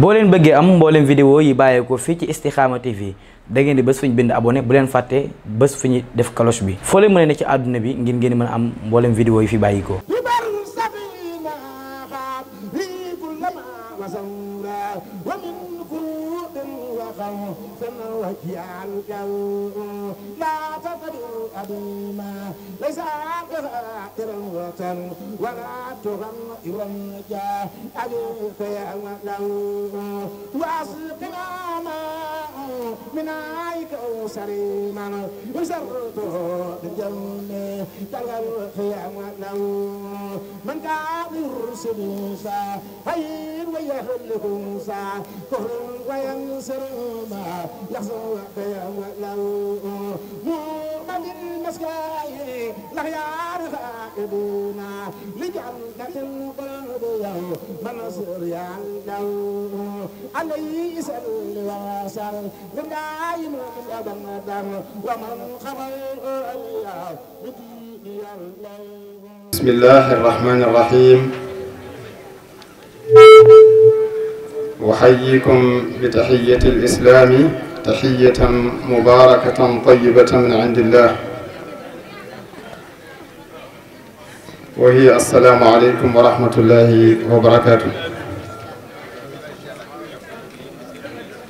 boo leen bëggee am mbooleem vidéo yi bàyyeekoo fii ci Istikhama TV da ngeen di bés fu ñu bind abone bu leen fàtte bés fu ñu def cloche bi foo leen mën a ci àdduna bi ngir ngeen mën a am mbooleem vidéo yi fi bàyyikoo ko يجعل له ما تفدوا أديما ليس غير الوطن ولا تغير النجاة أجوك يا له وأسقنا ماء من عيك سليما وسرته بالجنة تلغى يا له من كافر سبوسا خير ويهلكوسا كفر وينصر ما يحصل منصور يا الله علي يسأل وصل من دايم أبن دم ومن خبر الله بسم الله الرحمن الرحيم أحييكم بتحية الإسلام تحية مباركة طيبة من عند الله وهي السلام عليكم ورحمة الله وبركاته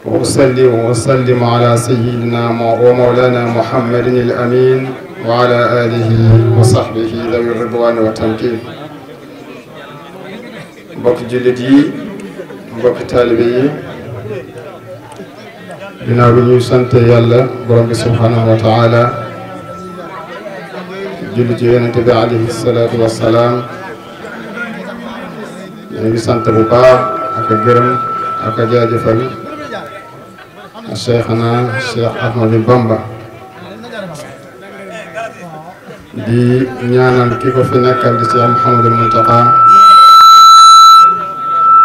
وأصلي وأسلم على سيدنا ومولانا محمد الأمين وعلى آله وصحبه ذوي الرضوان والتمكين mbokk jullit yi mbokk taalibe yi ginnaaw bi ñuy sant yàlla borom bi subhanahu wa taala julli ci yonent bi alayhi salaatu wassalaam ñu ngi sant bu baax ak a gërëm ak a jaajëfal cheikhana cheikh ahmadu bamba di ñaanal ki ko fi nekkal di cheikh mouhamadul muntaqa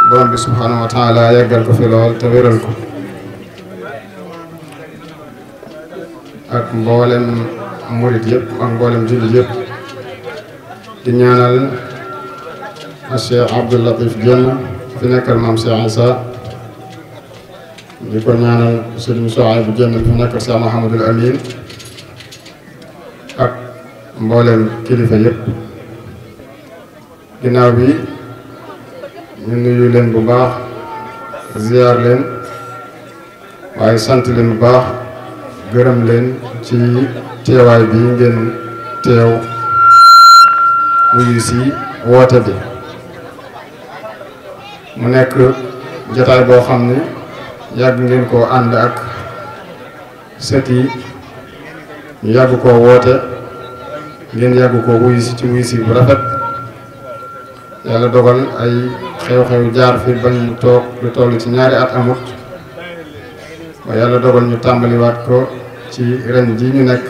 borom bi subhanahu wa taala yàggal ko fi lool te ak mboolem murit yëpp ak mboolem jullit yëpp di ñaanal Cheikh Abdou Latif Diène fi nekkal maam Cheikh Issa di ko ñaanal Serigne Souhaïbou Diène fi nekkal Cheikh Mouhamadul Amin ak mboolem kilifa yëpp ginnaaw bi ñu nuyu bu baax ziar waaye sant leen bu baax gërëm leen ci teewaay bi ngeen teew wuyu si woote bi mu nekk jataay boo xam ne yàgg ngeen koo ànd ak sët yi ñu yàgg koo woote ngeen yàgg koo wuyu si ci wuyu si bu rafet yàlla dogal ay xew-xew jaar fi bañ toog lu toll ci ñaari at amut ba yàlla dogal ñu tàmbaliwaat ko ci ren ji ñu nekk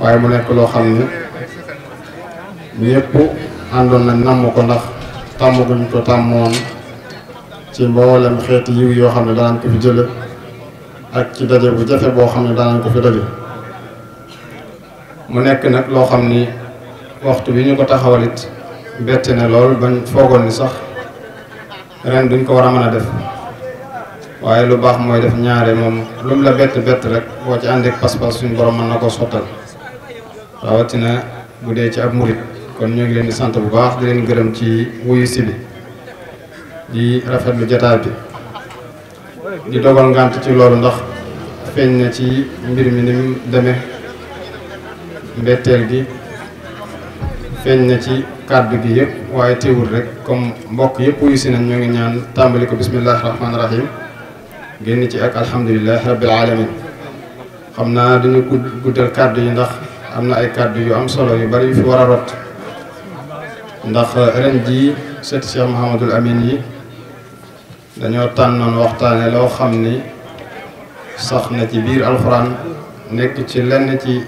waaye mu nekk loo xam ne ñëpp àndoon na namm ko ndax tàmm guñ ko tàmmoon ci mboolem xeeti yiw yoo xam ne danañ ko fi jële ak ci daje bu jafe boo xam ne danañ ko fi daje mu nekk nag loo xam ni waxtu bi ñu ko taxawalit bett na lool bañ foogoon ni sax ren duñ ko war a mën a def waaye lu baax mooy def ñaare moom lu mu la bett bett rek boo ci ànd ak pas-pas suñu borom mën na ko sottal rawatina bu dee ci ab murit kon ñu ngi leen di sant bu baax di leen gërëm ci wuyu si bi di lu jataay bi di dogal ngànt ci loolu ndox feeñ na ci mbir mi ni mu mbetteel gi feeñ na ci kàddu gi yëpp waaye teewul rek comme mbokk yëpp wuyu si na ñoo ngi ñaan tàmbali ko bismillaahi rahmaani rahim génn ci ak alhamdulilah rabbil alamin xam naa dañu guddal kàddu yi ndax am na ay kàddu yu am solo yu bari yu fi war a rot ndax uh, ren ji seeti Cheikh Mouhamadul Amin yi dañoo tànnoon waxtaane loo xam ni sax na ci biir alxuraan nekk ci lenn ci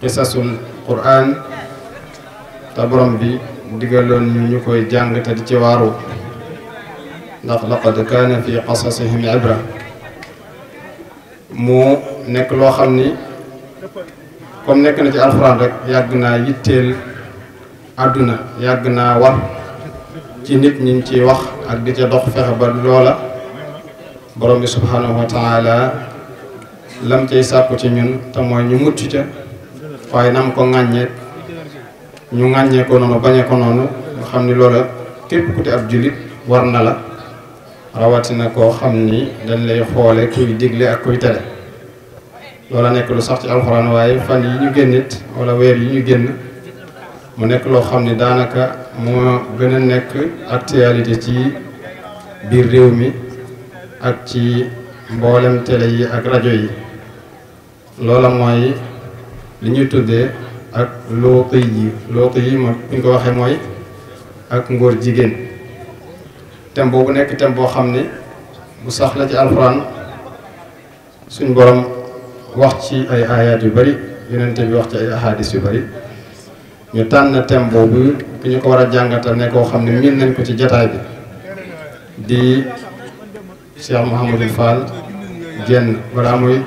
qisasul quraan te borom bi digaloon ñu ñu koy jàng te di ci waaru ndax laqad kaana fi qasasihim ibra mu nekk loo xam ni comme nekk na ci alxuraan rek yàgg naa yitteel àdduna yàgg naa war ci nit ñi ci wax ak di ca dox fexe ba loola boroom bi subhanahu wa taala lam cay sàkku ci ñun te mooy ñu mucc ca waaye nam ko ŋàññee ñu ŋàññee ko noonu bañee ko noonu nga xam ni loola képp ku te ab jullit war na la rawatina koo xam ni dañ lay xoole kuy digle ak kuy tere loola nekk lu sax ci alxuraan waaye fan yi ñu génn it wala weer yi ñu génn mu nekk loo xam ni daanaka moo gën a nekk actualité ci biir réew mi ak ci mboolem télé yi ak rajo yi loola mooy li ñuy tuddee ak looxi yi looxi yi mo fi ko waxee mooy ak ngóor jigéen thème boobu nekk thème boo xam ni bu sax la ci alxuraan suñ borom wax ci ay ayaat yu bari yonent bi wax ci ay ahadis yu bari ñu tànn thème boobu ki ñu ko war a jàngatal ne koo xam ne miin nañ ko ci jataay bi di Cheikh Mouhamadou Fall génn balaa muy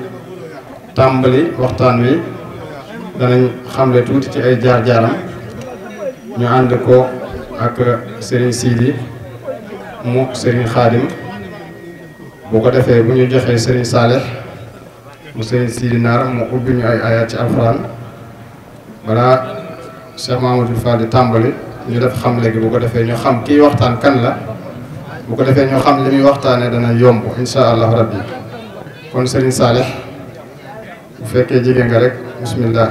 tàmbali waxtaan wi danañ xamle tuuti ci ay jaar-jaaram ñu ànd ko ak Serigne Sidi mu Serigne Khadim boo ko defee bu ñu joxee Serigne Saleh mu Serigne Sidi Naar mu ubbi ñu ay ayat ci alxuraan balaa Cheikh Mahamadou Fall di tàmbali ñu def xam léegi bu ko defee ñu xam kii waxtaan kan la bu ko defee ñu xam li waxtaanee dana yomb insha allah rabbi kon Serigne Saleh bu fekkee jigéen nga rek bismillah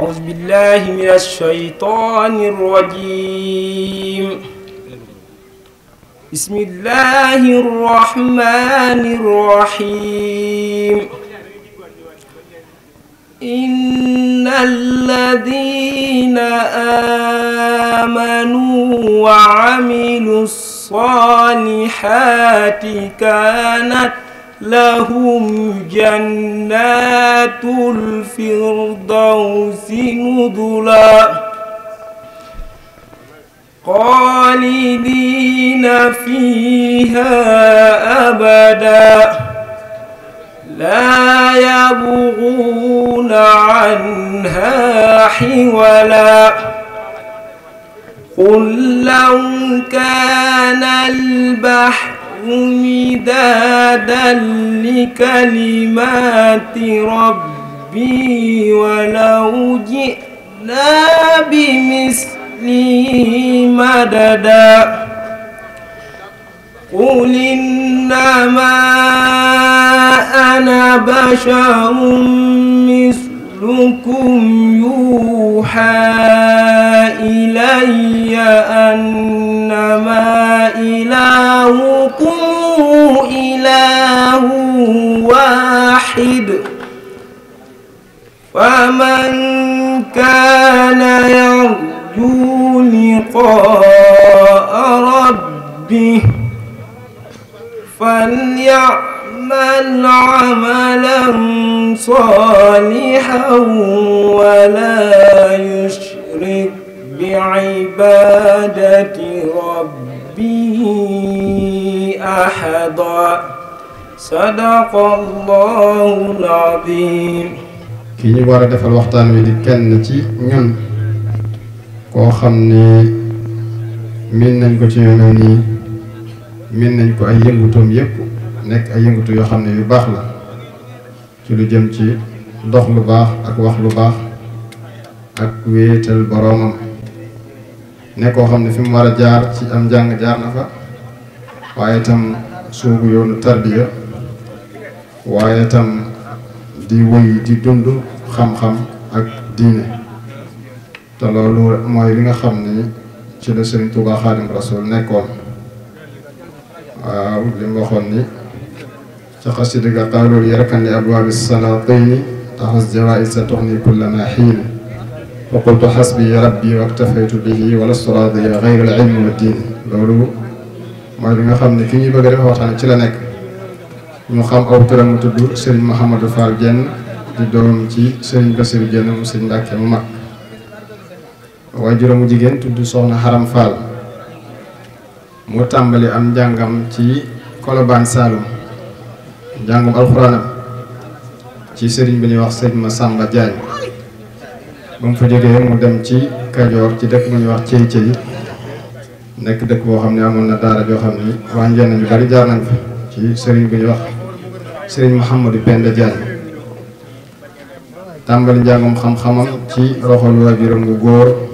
أعوذ بالله من الشيطان الرجيم بسم الله الرحمن الرحيم إن الذين آمنوا وعملوا الصالحات كانت لهم جنات الفردوس نذلاً خالدين فيها أبدا لا يبغون عنها حولا قل لو كان البحر مدادا لكلمات ربي ولو جئنا بمثل لي مددا قل إنما أنا بشر مثلكم يوحى إلي أنما إلهكم إله واحد فمن كان يرجو يرجو لقاء ربه فليعمل عملا صالحا ولا يشرك بعبادة ربه أحدا صدق الله العظيم ki ñu war a defal waxtaan wi di kenn ci ñun koo xam ne miin nañ ko ci yoonam nii miin nañ ko ay yëngutoom yépp nekk ay yëngutu yoo xam ne yu baax la ci lu jëm ci dox lu baax ak wax lu baax ak wéetal boroomam ne koo xam ne fi mu war a jaar ci am njàng jaar na fa waaye tam suugu yoonu tarbiya waaye itam di wëy di dund xam-xam ak diine te loolu mooy li nga xam ni ci la seen Touba Xaadim Rasul nekkoon waaw li mu waxoon ni ca xasida ga qaalul yarkan li abwaabi salaatini taxas jawaisa tuxni kulla ma xiini fa qultu xasbi rabbi waktafaytu bihi wala suraadiya gayra al ilmi wa diini loolu mooy li nga xam ne ki ñuy bëgg a def waxtaan ci la nekk ñu xam aw turam tudd Serigne Mouhamadou Fall Diène di doom ci Serigne Bassirou Diène mu Serigne Mbacke mu mag waa juróomu jigéen tudd soxna Haram Fall mu tàmbali am njàngam ci kolobaan Saloum njàngum alxuraanam ci sëriñ bi ñuy wax sëriñ Massamba Diagne ba mu fa jógee mu dem ci Kajoor ci dëkk bu ñuy wax cëy cëy nekk dëkk boo xam ne amoon na daara joo xam ni waa njenn ñu bari jaar ci sëriñ bi ñuy wax sëriñ Mouhamadou Penda Diagne tàmbali njàngum xam-xamam ci roxol waajuram gu góor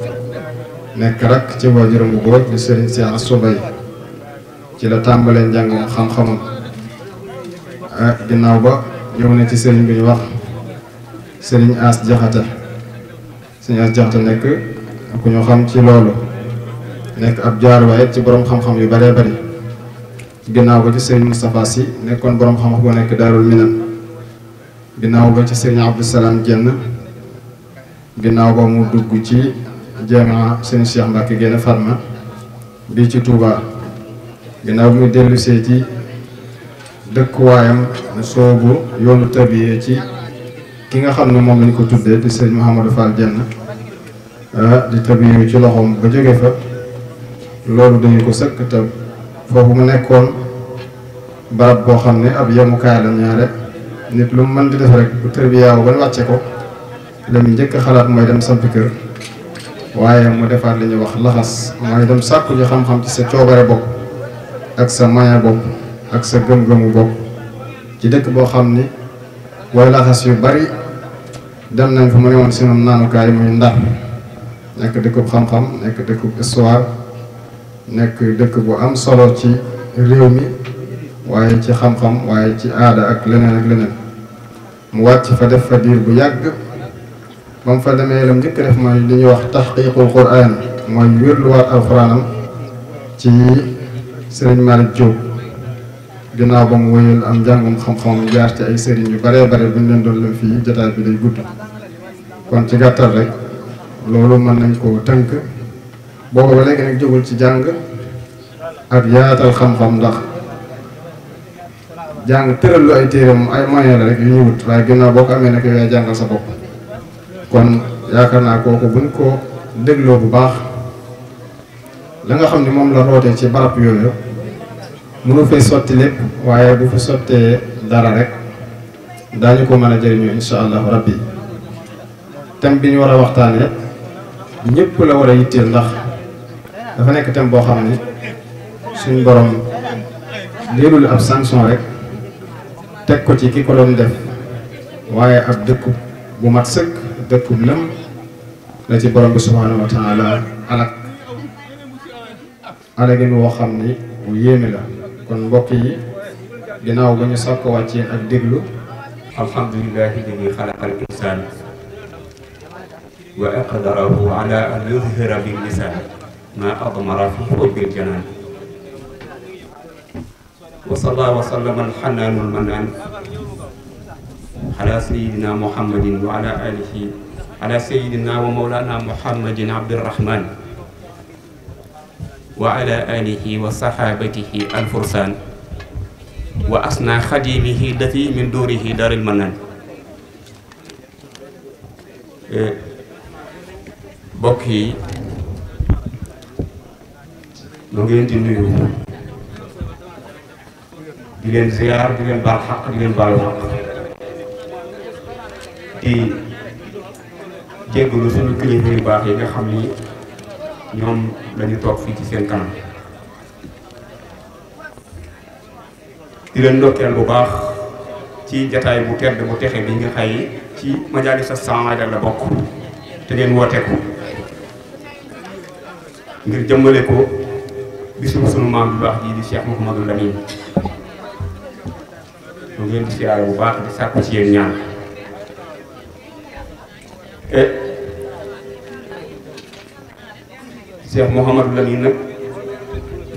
nekk rak ci waajuram bu góor di Serigne Cheikh Assou Mbaye ci la tàmbalee njàngam xam-xamam ah ginnaaw ba ñëw ne ci Serigne bi wax Serigne As Jaxate Serigne As Jaxate nekk ku ñu xam ci loolu nekk ab jaaruwaay ci boroom xam-xam yu bëree bëri ginnaaw ba ci Serigne Moustapha yi nekkoon borom xam-xam bu nekk Daarul Minam ginnaaw ba ci Serigne Abdou Salam Dieng ginnaaw ba mu dugg ci. jamaa seen Cheikh Mbacke Gaïndé Fatma bi ci Touba ginaaw bi mu dellusee ci dëkkuwaayam mu soobu yoonu tabiyee ci ki nga xam ne moom lañ ko tuddee di sëñ Mouhamadou Fall Dieng ah, di tabiyee ci loxoom ba jóge fa loolu dañu ko sëkk te foofu mu nekkoon barab boo xam ne ab yemukaay la ñaare nit lu mu mën di def rek bu tërbiyaaw ba wàcce ko la mu njëkk xalaat mooy dem samp kër waaye mu defaat li ñuy wax laxas mooy dem sàkku ji xam-xam ci sa coobare bopp ak sa maya bopp ak sa gëm-gëmu bopp ci dëkk boo xam ni way laxas yu bari dem nañ fa mu ne woon si naanukaay muy Ndar nekk dëkkub xam-xam nekk dëkkub histoire nekk dëkk bu am solo ci réew mi waaye ci xam-xam waaye ci aada ak leneen ak leneen mu wàcc fa def fa diir bu yàgg ba mu fa demee lam njëkk def mooy li ñuy wax taxqiqul quran mooy wérluwaat alquranam ci sëriñ Malick Diop ginnaaw ba mu wéyal am njàngum xam-xam jaar ci ay sëriñ yu baree bare buñ leen doon lim fii jotaay bi day gudd kon ci gàttal rek loolu mën nañ koo tënk boobu ba léegi nag jógul ci jàng ak yaatal xam-xam ndax jàng tëral lu ay téere moom ay moyen la rek yu ñuy wut waaye ginnaaw boo ko amee nag yow yaa jàngal sa bopp kon yaakaar naa kooku buñ ko dégloo bu baax la nga xam ne moom la rootee ci barab yooyu mënu fee sotti lépp waaye bu fi sottee dara rek daañu ko mën a jëriñoo incha allahu yi tem bi ñu war a waxtaanee ñëpp la war a yitteel ndax dafa nekk thème boo xam ni suñ borom léerul ab sanction rek teg ko ci ki ko doon def waaye ab dëkk bu mat sëkk dëkkub lëm la ci borom bi subhaanahu wa taala alak alagin woo xam ni mu yéeme la kon mbokk yi ginnaaw ba ñu sàkk wàccee ak déglu alhamdulillahi alladi xalaqal insaan wa aqdarahu ala an yuzhira bil lisaan ma admara fi xubbil janaan wa salla wa sallama alxanaanul manaan ala sayidina muhammadin wa ala alihi ala sayidina wa mawlana muhammadin abdirahman wa ala alihi wa sahabatihi alfursan wa asna xadimihi dafi min durihi daril manan bokk yi noo ngi leen di nuyu di leen ziar di leen baal xaq di leen baalu xaq ci jéggalu suñu kilifa yu baax yi nga xam ni ñoom lañu toog fii ci seen kanam di leen ndokkeel bu baax ci jataay bu tedd bu texe bi nga xay ci majaalis sa saada la bokk te ngeen woote ko ngir jëmmale ko bisum sunu maam bu baax ji di Cheikh Mouhamadou Lamine mu ngeen di siyaare bu baax di sàkku ci yéen ñaan Eh. Cheikh Mouhamadou Lamine nag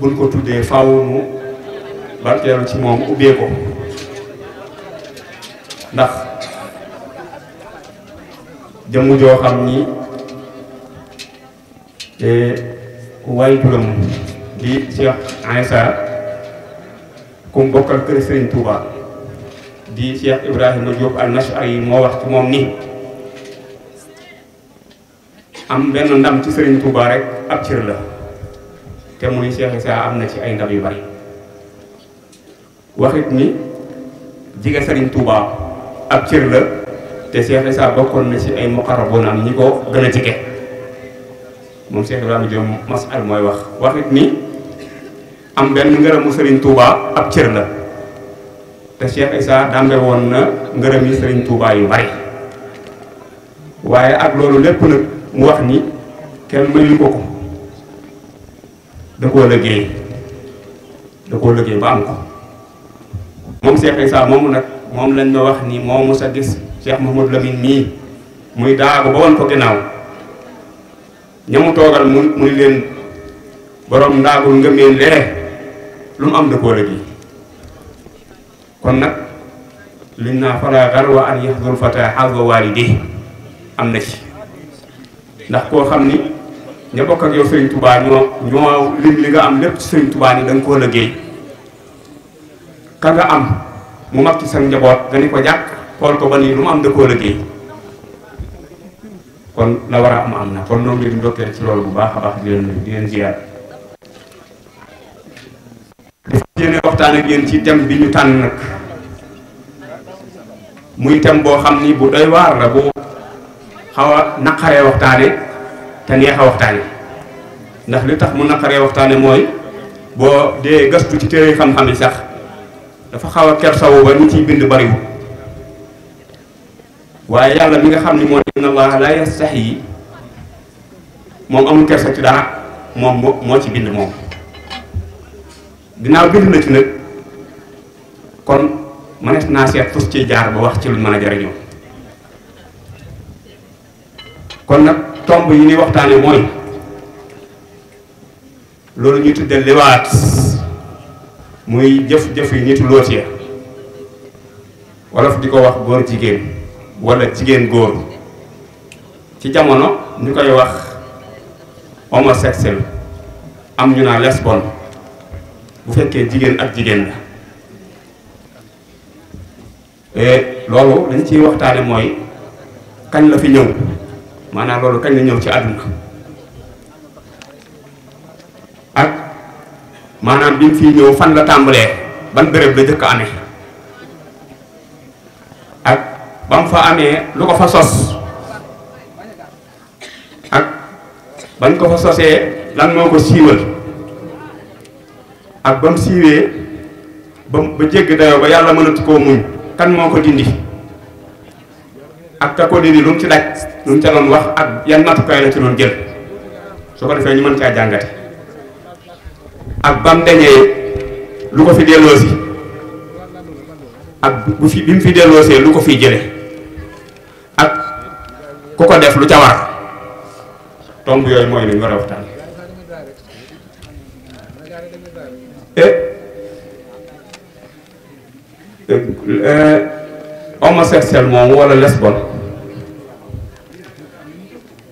buñ ko tuddee faaw nu barkeelu ci moom ubbee ndax jëmm joo xam ni wayturam di Cheikh Aïssa kum bokkal kër Serigne Touba di Cheikh Ibrahima Diop al Nashari moo wax ci moom nii am benn ndam ci Serigne Touba rek ab cër la te muy Cheikh am na ci ay ndam yu bari waxit ni jige Serigne Touba ab cër la te Cheikh Issa na ci ay muqarraboonam ñi ko gën a jege moom Cheikh Ibrahima Diom masal mooy wax waxit ni am benn ngërëmu sëriñ Touba ab cër la te Cheikh Issa woon na ngërëm yi Serigne Touba yu bari waaye ak loolu lépp nag mu wax ni kenn mayu ko ko da koo liggéey da koo liggéey ba am ko moom Cheikh Issa moomu nag moom lañ ma wax ni moo mos a gis Cheikh Mouhamadou Lamine mii muy daagu ba woon ko ginnaaw ñamu toogal mu mu ni leen borom ndaagul ngëmeen lee lu mu am da koo kon nag liñ naa fala garwa an yaxdul fata xalba walidi am na ci ndax koo xam ni ña bokk ak yow sëriñ tubaa ñoo ñoo lim li nga am lépp ci sëriñ tubaa ni da nga koo liggéey ka nga am mu mag ci sa njaboot nga ni ko jàkk xool ko ba nii lu mu am da koo liggéey kon la war a am am na kon ñoom ñu ndokkeel ci loolu bu baax a baax di leen di leen ziar. daf waxtaan ak yéen ci thème bi ñu tànn nag muy thème boo xam ni bu doy waar la bu. xaw a naqaree waxtaane te neex a waxtaane ndax li tax mu naqaree waxtaane mooy boo dee gëstu ci téere xam-xam yi sax dafa xaw a kersawu ba ñu ciy bind bariwul waaye yàlla mi nga xam ni moo inna allaha la yi moom amul kersa ci dara moom moo ci bind moom ginnaaw bind na ci nag kon mënees naa seet fus ci jaar ba wax ci lu mën a jariñoo kon nag tomb yi ñuy waxtaane mooy loolu ñuy de liwaat muy jëf-jëf yi nitu loot ya wolof di ko wax góor jigéen walla jigéen góor ci jamono ñu koy wax homosexuel am ñu naa lesbon bu fekkee jigéen ak jigéen la eh, loolu dañ ciy waxtaane mooy kañ la fi ñëw maanaam loolu kañ la ñëw ci àdduna ak maanaam bi mu fii ñëw fan la tàmbalee ban béréb la jëkk amee ak ba mu fa amee lu ko fa sos ak bañ ko fa sosee lan moo ko siiwal ak ba mu siiwee ba ba jégg dayoo ba yàlla mënatu koo muñ kan moo ko dindi ak ka ko dindi lu mu ci daj lu mu ca doon wax ak yan nattukaay la ci doon jël su ko defee ñu mën caa jàngate ak bam deñee lu ko fi delloosi ak bu fi bi mu fi delloosee lu ko fi jële ak ku ko def lu ca war tomb yooyu mooy lu war a waxtaan eh, eh homosexuel moom wala lesbon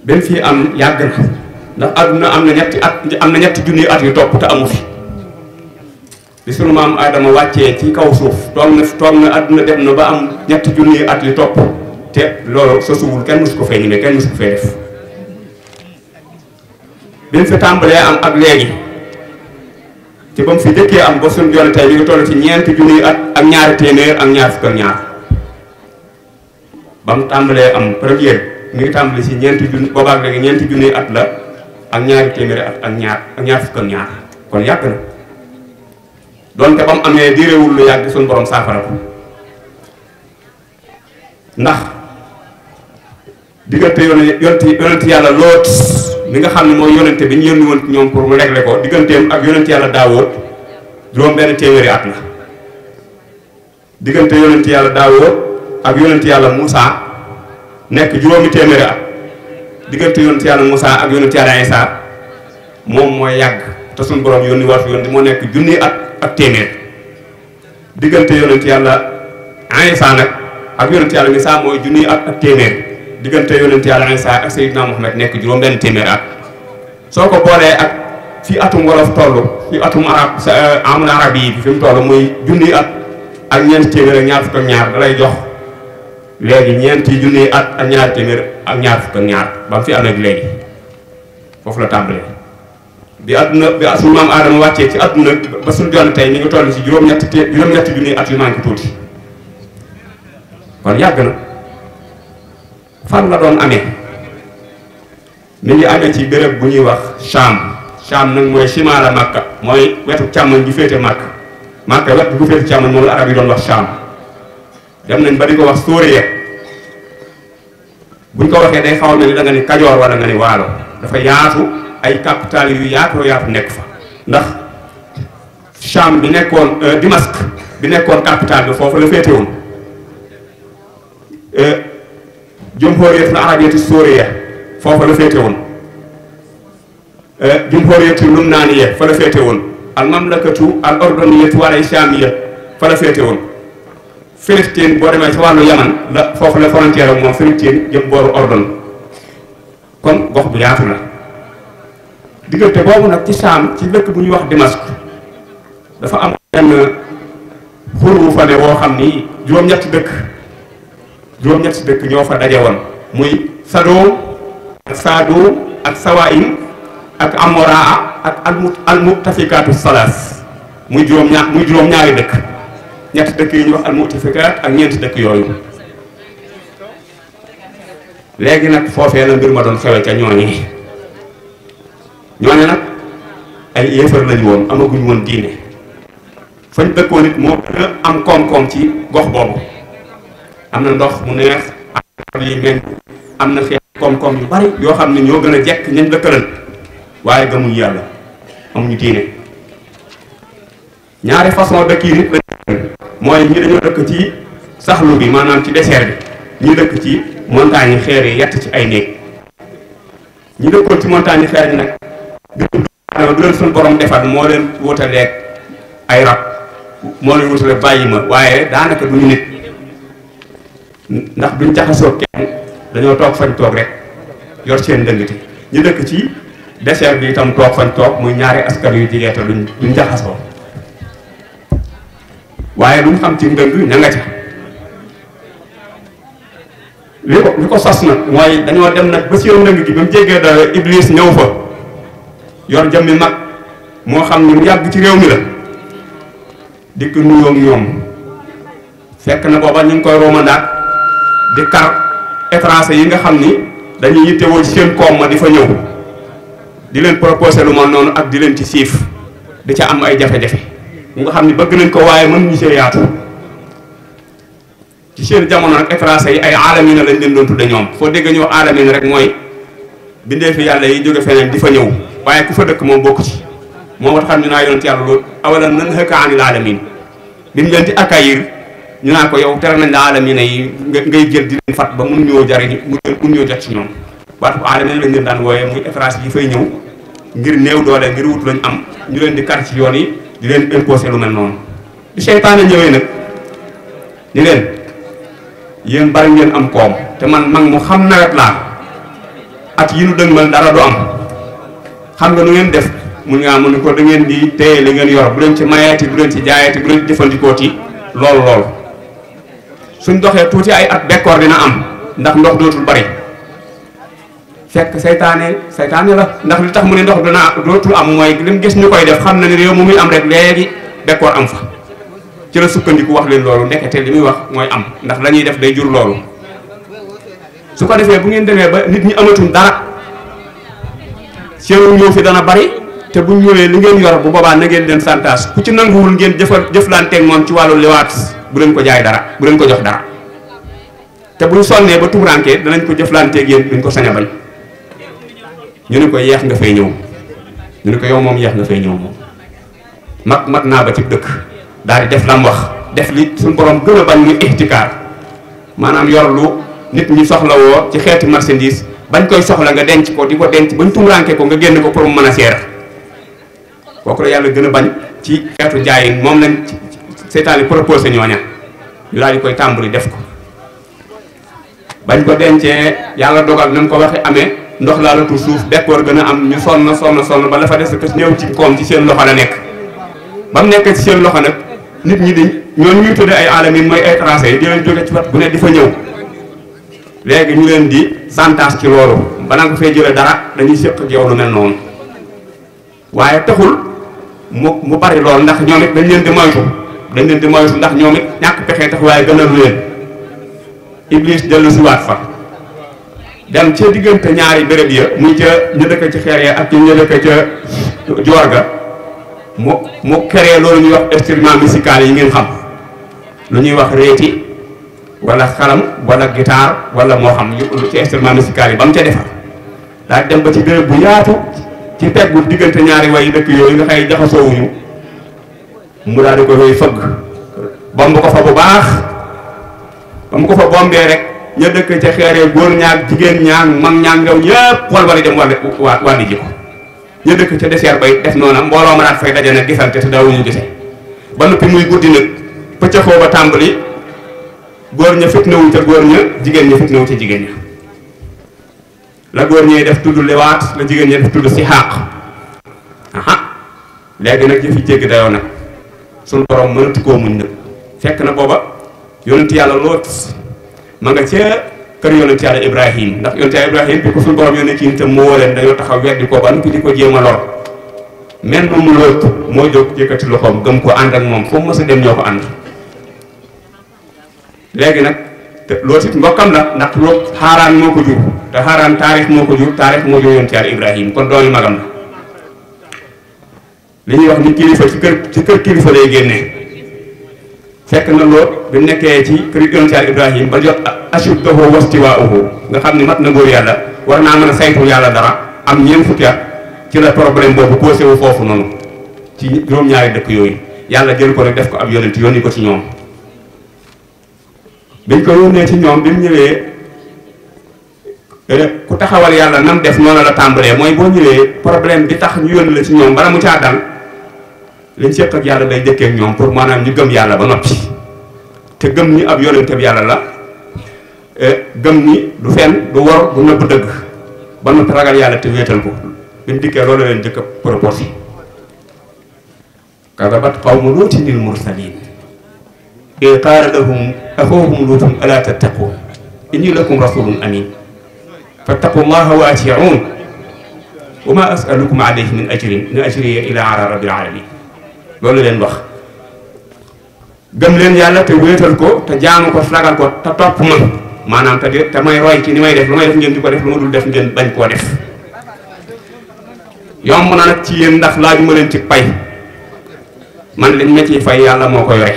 ba mu fii am yàgg na ndax àdduna am na ñetti at am na ñetti junni at yu topp te amu fi bi sunu maam Adama ci kaw suuf toog àdduna dem na ba am ñetti junni at yu topp te loolu sa suwul kenn musu ko fee ñemee kenn musu ko fee def bi mu fi tàmbalee am ak léegi ci ba mu fi jëkkee am ba suñu jonne tey bi nga toll ci ñeent junni at ak ñaari téeméer ak ñaar fukk ak ñaar ba mu tàmbalee am première mi tàmbali si ñeenti junni boobaak léegi ñeenti junni at la ak ñaari téeméeri at ak ñaar ak ñaar fukk ak ñaar kon yàgg na donte ba mu amee diiréwul lu yàgg suñu borom saafara ko ndax diggante yonent yonent yàlla loot mi nga xam ne mooy yonente bi ñu yónni woon ñoom pour mu régler ko digganteem ak yonent yàlla daawoot juróom benn téeméeri at la diggante yonent yàlla daawoot ak yonent yàlla Moussa nekk juróomi téeméeri at diggante yonent yàlla Moussa ak yonent yàlla Isa moom mooy yàgg te suñu borom yónni war fi yónni moo nekk junni ak téeméer diggante yonent yàlla Isa nag ak yonent yàlla Moussa mooy junni ak téeméer diggante yonent yàlla Isa ak Seydina nekk juróom benn téeméeri soo ko boolee ak fi atum wolof toll fi atum arab euh, amul arab yi fi mu toll mooy junni at ak ñeent téeméer ak ñaar fukk ak ñaar da lay jox léegi ñeenti junni at ak ñaari téeméer ak ñaar fukk ak ñaar ba mu fi amee léegi foofu la tàmbalee bi àdduna bi suñu maam aadama wàccee ci àdduna ba suñu jonn tey ñu ngi toll ci juróom-ñetti te juróom-ñetti junni at yu manqué tuuti kon yàgg na fan la doon amee mi ngi amee ci béréb bu ñuy wax Cham Cham nag mooy Chimaala Makka mooy wetu càmmoñ gi féete Makka Makka wet bu féete càmmoñ moom la arab yi doon wax Cham dem nañ ba di ko wax sóoriya buñ ko waxee day xaw a mel ni da kajoor wala nga ni waalo dafa yaatu ay capital yu yaatoo yaatu nekk fa ndax Cham bi nekkoon euh, Dimask bi nekkoon capital bi foofu la féete woon euh, jumhuriyatu arabiyatu sóoriya foofa la féete woon euh, jumhuriyatu lumnaaniya fa la féete woon al mamlakatu al ordoniyatu wala islamiya fa la féete woon Palestine boo demee ci wàllu Yaman la foofu la frontière moom Palestine jëm booru Ordon kon gox bu yaatu na diggante boobu nag ci Saam ci dëkk bu ñuy wax Damas dafa am benn xur wu fa ne woo xam ni juróom-ñetti dëkk juróom-ñetti dëkk ñoo fa daje woon muy Sadoo ak Saadoo ak Sawaayim ak Amoraa ak almu almutafikaatu Salaas muy juróom-ñaar muy juróom-ñaari dëkk. ñetti dëkk yi ñuy wax almutifikaat ak ñeenti dëkk yooyu léegi nag foofee la mbir ma doon xewe ca ñooñi ñooñu nag ay yéefar lañu woon amaguñ woon diine fañ dëkkoon it moo gën am koom-koom ci gox boobu am na ndox mu neex am na yi am na xeet koom-koom yu bari yoo xam ne ñoo gën a jekk ñañ dëkkalal waaye gëmuñu yàlla amuñu diine ñaari façon dëkk yi nit dëkk ci saxlu bi maanaam ci désert bi ñi dëkk ci montagne yi xeer yi yett ci ay néeg ñi dëkkoon ci montagne yi xeer yi nag du leen suñu borom defat moo leen wutaleeg ay rab moo leen wutale bàyyi ma waaye daanaka duñu nit ndax duñ jaxasoo kenn dañoo toog fañ toog rek yor seen dëngte ñu dëkk ci désert bi itam toog fañ toog muy ñaari askan yu jigéen te duñ duñ jaxasoo waaye lu mu xam ci ndëng ña nga ca li ko li ko sos nag mooy dañoo dem nag ba si yow ndëng gi ba mu jéggee da Iblis ñëw fa yor jëmmi mag moo xam ni mu yàgg ci réew mi la dikk nuyoo ak ñoom fekk na booba ñu ngi koy romandaat di kar étranger yi nga xam ni dañuy yittewoo ci seen koom ma di fa ñëw di leen proposé lu ma noonu ak di leen ci siif di ca am ay jafe-jafe mu nga xam ne bëgg nañ ko waaye mën ñu see yaatu ci seen jamono nag étranger yi ay aalamina lañ leen doon tudde ñoom foo dégg ñu wax rek mooy bindee fi yàlla yi jóge feneen di fa ñëw waaye ku fa dëkk moom bokk ci moo wat xam ñu naa yonent yàlla loolu awalan nan xëkka anil alamin leen di accueillir ñu naa ko yow tere nañ la alamina yi ngay jël di leen fat ba mun ñoo jariñ mun ñoo jot ci ñoom baatu alamina lañ leen daan wooyee muy étranger yi fay ñëw ngir néew doole ngir wut lañ am ñu leen di kar ci yoon yi di leen imposé lu mel noonu bi seytaane ñëwee nag ni leen yéen bari ngeen am koom te man mag mu xam nawet laa at yi nu dëgmal dara du am xam nga nu ngeen def mun ngaa mu ah, ko dangeen di téye li ngeen yor bu leen ci mayeeti bu leen ci jaayeeti bu leen ci jëfandikooti lool lool suñ doxee tuuti ay at bekkoor dina am ndax ndox dootul bari fekk saytaane saytaane la ndax li tax mu ne ndox du naa dootul am mooy li mu gis ñu koy def xam na ne réew mu muy am rek léegi bekkoor am fa ci la sukkandiku wax leen loolu ndekete li muy wax mooy am ndax lañuy def day jur loolu su ko defee bu ngeen demee ba nit ñi amatuñ dara seenu ñëw fi dana bari te bu ñëwee li ngeen yor bu boobaa na ngeen leen santaas ku ci nanguwul ngeen jëfal jëflanteeg moom ci wàllu liwaat bu leen ko jaay dara bu leen ko jox dara te buñ sonnee ba tumuraanke danañ ko jëflanteeg yéen duñ ko sañ ñu ne ko yeex nga fay ñëw ñu ne ko yow moom yeex nga fay ñëw moom mag mag naa ba ci dëkk daal di def lam wax def li suñu borom gën a bañ muy ihtikaar maanaam yor lu nit ñi soxla woo ci xeetu marchandise bañ koy soxla nga denc ko di ko denc bañ tumuraanke ko nga génn ko pour mu mën a seer kooku la yàlla gën a bañ ci xeetu jaayin moom lañ seytaan yi proposé ñooña ñu daal di koy tàmbali def ko bañ ko dencee yàlla dogal na ko waxe amee ndox laalatu suuf bekkoor gën a am ñu sonn sonn sonn ba la fa des a néew ci koom ci seen loxo la nekk ba mu nekk ci seen loxo nag nit ñi di ñooñu ñuy tudde ay alamin mooy ay tracé yi di leen jóge ci wat bu ne di fa ñëw ñu leen di santaas ci loolu banaa ko fee jële dara dañuy séq ak yow lu mel noonu waaye taxul mu mu bari lool ndax ñoom it dañ leen di moytu dañ leen di moytu ndax ñoom it ñàkk pexe tax waaye gën a lu leen iblis dellu si fa dem ca diggante ñaari bërëb ya muy ca ñu dëkk ci xeer ya ak ñu dëkk ca joor ga mu mu créé loolu ñuy wax instrument musical yi ngeen xam lu ñuy wax réeti wala xalam wala guitare wala moo xam lu ci instrument yi ba mu ca defar daa dem ba ci béréb bu yaatu ci peggu diggante ñaari way dëkk yooyu nga xëy jaxasoowuñu mu daal di ko koy fëgg bomb ko fa bu baax ba mu ko fa bombee rek ña dëkk ca xeeree góor ñaa jigéen ñaag mag ñaag ndaw yëpp xool bari dem wa wàlli ji ko ña dëkk ca deseer bay def noona mbooloo ma naat fay daje nag gisante te daawuñu gise ba noppi muy guddi nag pëccëxoo ba tàmbali góor ña fitnawuñ ca góor ña jigéen ña fitnawu ca jigéen ña la góor ñee def tudd liwaat la jigéen ñee def tudd si xaq aha léegi nag yëfi jéggi dayoo nag suñu borom mënatu koo muñ nag fekk na booba yonent yàlla loot ma nga ca kër yonent yàlla ibrahim ndax yonent yàlla ibrahim bi ko suñu borom yónnee ci itam moo leen dañoo taxaw weddi ko ban ku di ko jéem a lor moo jóg loxoom gëm ko ànd moom fu mu léegi nag te loolu it mbokkam la ndax loolu xaaraan moo ko jur te xaaraan taarix moo ko jur taarix moo jur yonent yàlla ibrahim kon doomi magam la li ñuy wax ni kilifa ci kër ci kër kilifa lay génnee fekk na lool bi nekkee ci kër yonent yàlla Ibrahim ba jot ashuddahu wastiwaahu nga xam ne mat na góor yàlla war naa mën a saytu yàlla dara am ñeent fukki ci la problème boobu posé wu foofu noonu ci juróom-ñaari dëkk yooyu yàlla jël ko rek def ko ab yonent yónni ko ci ñoom biñ ko yónnee ci ñoom bi mu ñëwee ku taxawal yàlla nam def noonu la tàmbalee mooy boo ñëwee problème bi tax ñu yónni la ci ñoom bala mu caa liñ seq ak yàlla day jëkkee ak ñoom pour maanaam ñu gëm yàlla ba noppi te gëm ni ab yonente bi yàlla la e, gëm ni du fen du wor du nëbb dëgg ba noppi ragal yàlla te wéetal ko biñ dikkee loolu leen jëkk a proposé kadabat qawmu luutin lil mursalin id qaala lahum axoohum luutum alaa tattaquun inni lakum rasulun amin fattaqu llaha wa atiuun wa ma asalukum alayhi min ajrin in ajriya ila ala rabbil loolu leen wax gëm leen yàlla te wéetal ko te jaamu ko ragal ko te topp ma maanaam te te may roy ci ni may def lu may def ngeen di ko def lu ma dul def ngeen bañ koo def yomb na nag ci yéen ndax laaju ma leen ci pay man lañ ma ciy fay yàlla moo ko yore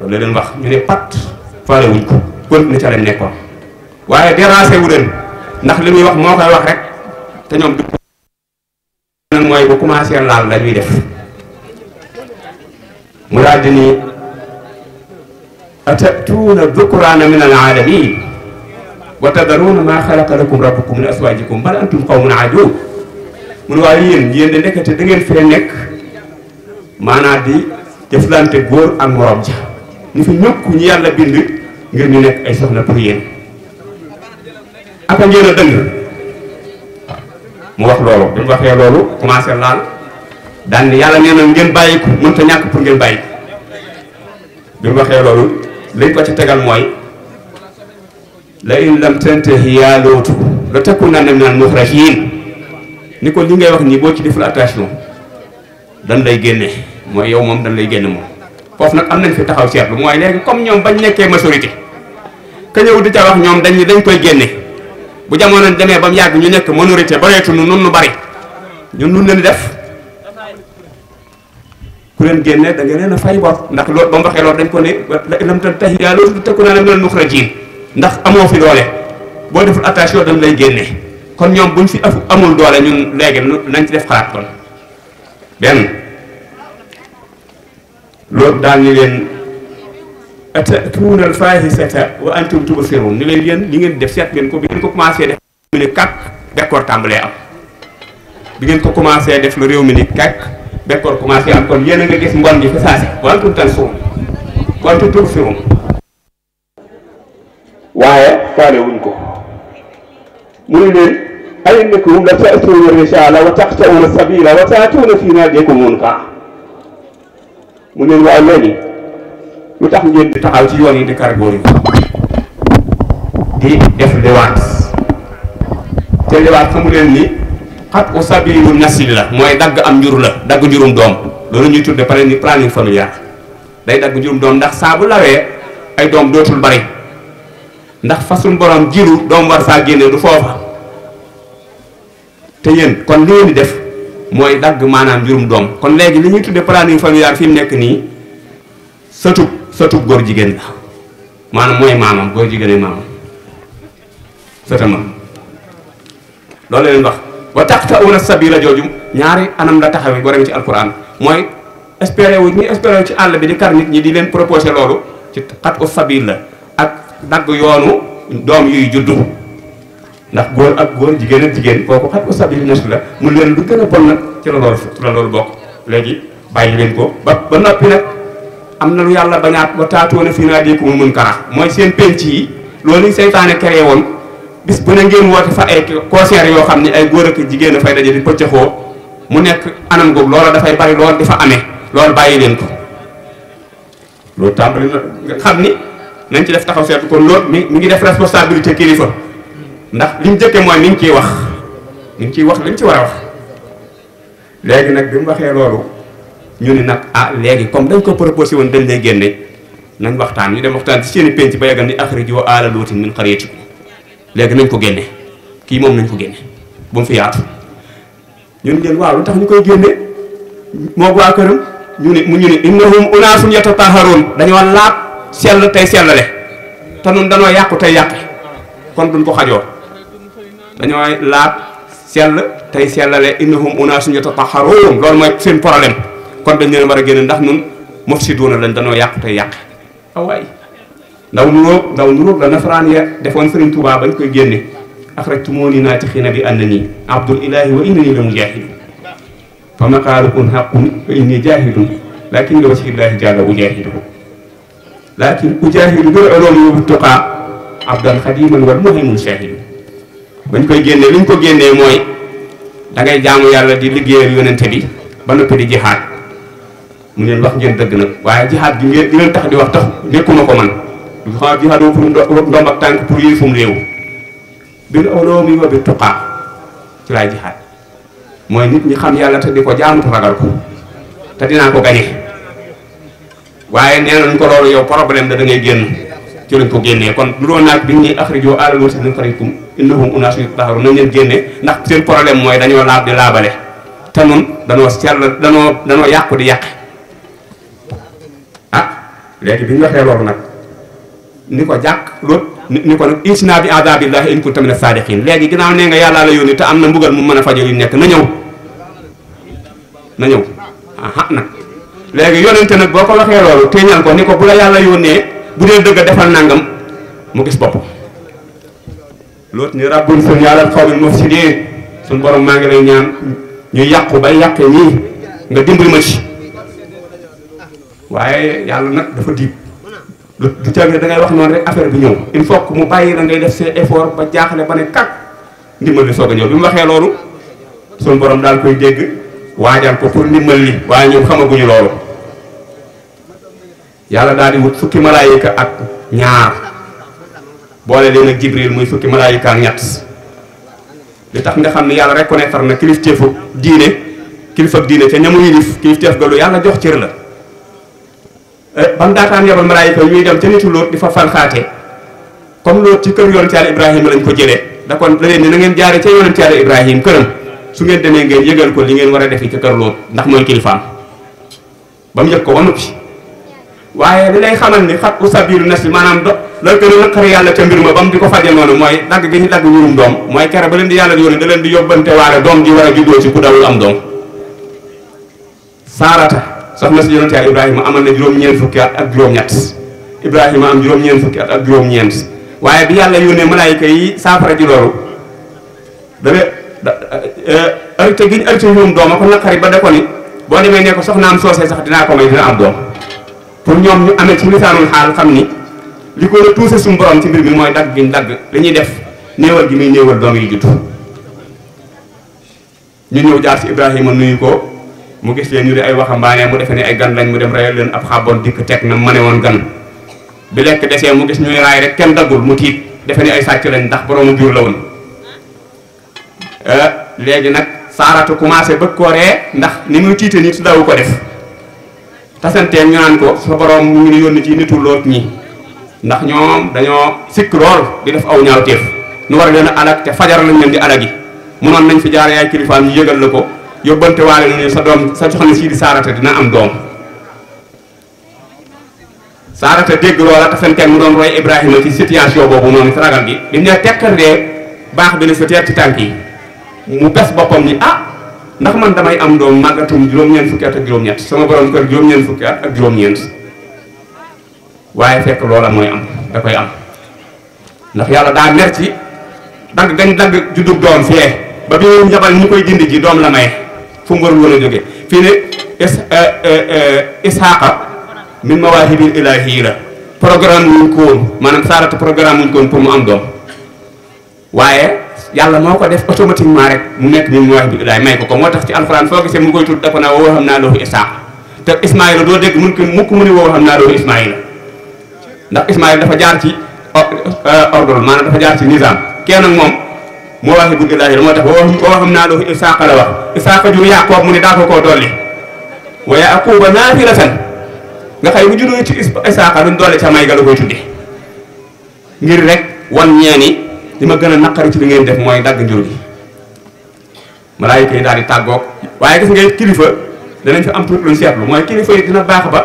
loolu leen wax ñu ne pat faale wuñ ko continué ca leen nekkoon waaye déranger wu leen ndax li muy wax moo koy wax rek te ñoom du mooy bu commencé laal la ñuy def mu daal di ni atattuuna dukraana min alaalamin wa tadaruuna maa xalaqa lakum rabbukum min aswaajikum bal antum qawmun aduun mun waaye yéen yéen de nekkate da fee nekk maanaam di jëflante góor ak morom ja ni fi ñëpp ñu yàlla bind ngir ñu nekk ay soxna pour aka ngeen dëng mu wax loolu bi mu waxee loolu commencé laal daan yàlla nee na ngeen bàyyi ko mënta ñàkk pour ngeen bàyyi ko bi mu waxee loolu liñ ko ci tegal mooy la in lam tantahi yaa lootu la takunanna minal muxrajiin ni ko li ngay wax nii boo ci deful attention dan lay génne mooy yow moom dan lay génne moom foofu nag am nañ fi taxaw seetlu mooy léegi comme ñoom bañ nekkee majorité ka ñëw di ca wax ñoom dañ ni dañ koy génne bu jamono demee ba mu yàgg ñu nekk minorité bareetu nu nun nu bari ñun nun leen def ku neen génne da nga leen a fay bor ndax loolu ba mu waxee loolu dañ ko ne lam tan tax yaa loolu tëkku naa ne minal muxrajiin ndax amoo fi doole boo deful attention dañ lay génne kon ñoom buñ fi afu amul doole ñun léegi nañ ci def xalaat kon benn loolu daal ni leen atatuuna al fahisata wa antum tubsirun ni leen yéen li ngeen def seet ngeen ko bi ngeen ko commencé def mu ne tàmbalee am bi ngeen ko commencé def réew mi ni kàkk bekkoor commencé am kon yéen a nga gis mbon gi fi saasi wantum tan suum wantu tur firum waaye faale wuñ ko mu ne leen ay innakum la ta'tuuna rijaala wa taqta'uuna sabiila wa ta'tuuna fii naadikum munkaa mu ne waaye léegi lu tax ngeen di taxaw ci yoon yi di cargo yi di def lewaat te lewaat xamu leen ni xat au sabilimu nasili la mooy dagg am njur la dagg njurum doom loolu ñuy tudde pare ni planning familial day dagg njurum doom ndax saa bu lawee ay doom dootul bari ndax fasul borom jiru doom war saa génne du foofa te yéen kon li def mooy dagg maanaam njurum doom kon léegi li ñuy tudde planning familial fi mu nekk nii sëtu sëtub góor jigéen la maanaam mooy maamam góor jigéen maamam sëtamam loolu leen wax tax wa taqta'uuna sabila jooju ñaari anam la taxawee boo demee ci alquran mooy espéré wu ñu espéré wu ci àll bi di kar nit ñi di leen proposé loolu ci xat la ak dagg yoonu doom yuy juddu ndax góor ak góor jigéen jigéen kooku xat u la mu leen lu gën a bon nag ci la loolu ci bokk léegi bàyyi leen ko ba ba noppi nag am na lu yàlla bañaat wa taatoona fi naa déeku mu mun kara mooy seen penc yi loolu seytaane créé woon bis bu ne ngeen woote fa ay concert yoo xam ne ay góor ak jigéen a fay daje di pëccëxoo mu nekk anam googu loola dafay bari lool di fa amee loolu bàyyi leen ko loolu tàmbali na nga xam ni nañ ci def taxaw seetu kon loolu mi mi ngi def responsabilité kilifa ndax liñ mu jëkke mooy mi ngi ciy wax mi ngi ciy wax li ci war a wax léegi nag bi mu waxee loolu ñu ni nag ah léegi comme dañ ko proposé woon dañ lay génne nañ waxtaan ñu dem waxtaan ci seen i penc ba yeggal ni axrijoo aala luutin min qaryatikum léegi nañ ko génne kii moom nañ ko génne bu mu fi yaatu ñun leen waaw lu tax ñu koy génne moo waa këram ñu ne mu ñu ne innahum unaasun yatataharoon dañoo laab tey sellale te nun yàqu tey yàqe kon duñ ko xajoo dañooy laab sell tey sellale innahum unaasun yatataharoon loolu mooy seen problème kon dañ leen war a génne ndax nun mufsiduuna lañ dañoo yàqu tey yàqe awaay ndaw nuróog ndaw nuróog la nasaraan ya defoon Serigne Touba bañ koy génne axrajtumuuni naatixina bi annanii abdul ilaahi wa innanii la mujaahidun fa maqaalukum haqqun wa innii jaahidun laakin li wajhi llaahi jalla ujaahidu laakin ujaahidu bil ulumi wa tuqaa abdan xadiman wal muhaymin shaahidu bañ koy génne liñ ko génnee mooy dangay jaamu yàlla di liggéeyal yonente bi ba noppi di jihaad mu ngeen wax ngeen dëgg nag waaye jihaad gi ngeen di leen tax di wax tax nekkuma ko xa jihaadum fu mu ndomb tànk pour yooyu fu mu réew bil ulumi wa bi tuqaa ci laay jihaad mooy nit ñi xam yàlla te di ko jaamu te ragal ko te dinaa ko gañe waaye nee nañ ko loolu yow problème da da génn ci lañ ko génnee kon du doon naag bi ñuy axrijoo alal wa min qaryatikum innahum unaasun yutahharuun nañ leen ndax seen problème mooy dañoo laab di laabale te nun danoo sell danoo danoo yàqu di yàq ah léegi bi ñu waxee loolu nag ni ko jàkk loolu ni ko nag insina bi azabillahi in kunta mina sadiqin léegi ginnaaw nee nga yàllaa la yónni te am na mbugal mu mën a fajo li nekk na ñëw na ñëw aha nag léegi yonente nag boo ko waxee loolu téeñal ko ni ko bu la yàlla yónnee bu dee dëgg defal nangam mu gis bopp loot ni rabbun sun yàlla xawmin mufsidin suñ borom maa ngi lay ñaan ñu yàqu bay yàqe ñii nga dimbali ma ci waaye yàlla nag dafa diib du caagin da ngay wax noonu rek affaire bi ñëw il faut mu bàyyi la def ses efforts ba jaaxle ba ne kàq ndimbal li soog ñëw bi mu waxee loolu suñu boroom daal koy dégg waajal ko pour ndimbal li waaye ñoom xamaguñu loolu. yàlla daal di wut fukki malaayika ak ñaar boole leen ak jibril muy fukki malaayika ak ñett li tax nga xam ne yàlla rek reconnaître na kilifteefu diine kilifa diine ca ñamu yilif kilifteef ga lu yàlla jox cër la. Eh, ba mu daataan yabal malaayika ñuy dem ca nitu lóot di fa fanxaate comme lóot ci kër yonent yàlla ibrahima lañ ko jëlee da kon da leen ne na ngeen jaare ca yonent yàlla ibrahima këram su ngeen demee ngeen yëgal ko li ngeen war a defe ca kër lóot ndax mooy kilifaam ba mu yëg ko ba noppi waaye li lay xamal ni xat u sabiru nas bi maanaam do la gën a naqari yàlla ca mbir ma ba mu di ko faje noonu mooy dagg gi ñu dagg wurum doom mooy kere ba leen di yàlla yónni da leen di yóbbante waale doom ji war a juddoo ci soxna si yonent Yàlla Ibrahima amal na juróom-ñeent fukki at ak juróom am juróom-ñeent ak juróom-ñeent waaye bi yàlla yónnee malaayika yi saafara ji loolu dafa ërte eh, gi ñu ërte ñoom dooma ko naqari ba da ko ni boo demee ne ko soxnaam soosee sax dinaa ko may dina am doom pour ñoom ñu amee ci lisaanul xaal xam ni li ko la tuuse suñu borom ci mbir mi mooy dagg gi ñu dagg li ñuy def néewal gi muy néewal doom yi juddu ñu ñëw jaar ci Ibrahima nuyu ko mu gis leen ñu di ay waxambaane mu defe ni ay gan lañ mu dem reyal leen ab xàbboon dikk teg na mane woon gan bi lekk desee mu gis ñuy raay rek kenn daggul mu tiit defe ne ay sàcc lañ ndax boroomu jur la woon eh, léegi nag saaratu commencé bëgg koo ree ndax ni muy tiite nit daawu ko def tasanteeg ñu naan ko sa borom ñu ngi yónni ci nitu loot ñi ndax ñoom dañoo sikk lool di def aw ñaaw téef nu war a leen alag te fajar lañ leen di alagi munoon nañ fi jaar yaay kilifaam yi yëgal la ko yóbbante waa ñu ne sa doom sa soxna sii di saarata dina am doom saarata dégg loola te fenteen mu doon roy Ibrahima ci situation boobu noonu ci ragal gi bi mu ne tekkal dee baax bi ne sa teer ci tànk yi mu bes boppam ni ah ndax man damay am doom màggatum juróom-ñeent fukki at ak juróom-ñett sama borom kër ñeent waaye fekk loola mooy am da koy am ndax yàlla daa mer ci dagg dañ dagg juddub doom fee ba bi ñuy ñu koy dindi ji doom la may fu mu waroon a jógee fii ne is eh, eh, eh, Isaaqa min mawaahibil ilaahi la programme wuñ ko woon maanaam saaratu programme wuñ ko pour mu am doom waaye yàlla moo ko def automatiquement rek mu nekk min mawaahibil ilaahi may ko ko moo tax ci alxuraan foo gisee mu koy tudd dafa naa woo xam naa loolu Isaaqa te Ismaayila doo dégg mun ko mu ne woo xam naa loolu Ismaayila ndax Ismaayila dafa jaar ci ordre maanaam dafa jaar ci nizaam kenn ak moom. moo waxi bu ilaahi moo tax wa waxam naa lahu isaaqa la wax isaaqa jur yaqoob mu ni daa ko koo dolli wa yaquuba naafilatan nga xëy bu juddoo ci isaaqa luñ dolli ca may ga la koy tudde ngir rek wan ñeeni li ma gën a naqari ci li ngeen def mooy dagg njur gi malaayika yi daal di tàggoog waaye gis ngay kilifa danañ fi am tuuti luñ seetlu mooy kilifa yi dina baax ba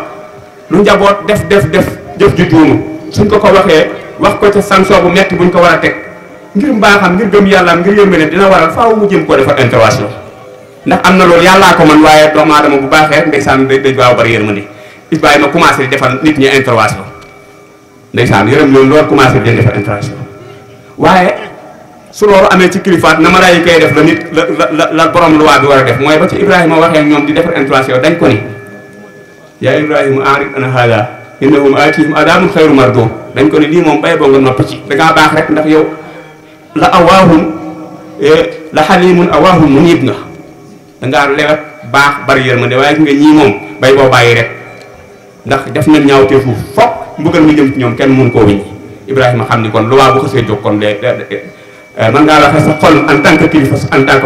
lu njaboot def def def jëf ju juunu suñ ko ko waxee wax ko ca sanction bu metti buñ ko war ngir mbaaxam ngir gëm yàllaam ngir yëngu dina waral faaw mu jëm koo defar intervention ndax am na loolu yàllaa ko man waaye doomu aadama bu baaxee rek ndeysaan day day gaaw a bëri yërmande Ibrahima commencé di defal nit ñi intervention ndeysaan yërëm loolu loolu commencé di defar su loolu amee ci kilifaat na mala yi koy def la nit la la la borom luwaa bi war def mooy ba ci Ibrahima waxee ñoom di defar intervention dañ ko ni ko ni lii da baax rek ndax yow la awaahum eh, la xalimun awaahum munib nga dangaa lewet baax bari yërmande waaye ki nga ñii moom bay boo bàyyi rek ndax def nañ ñaawteefu fopp mbugal mu jëm ci ñoom kenn mun koo wiñ Ibrahima xam ni kon lu waa bu xasee jóg kon lee eh, mën ngaa la sa xol en tant que kilifa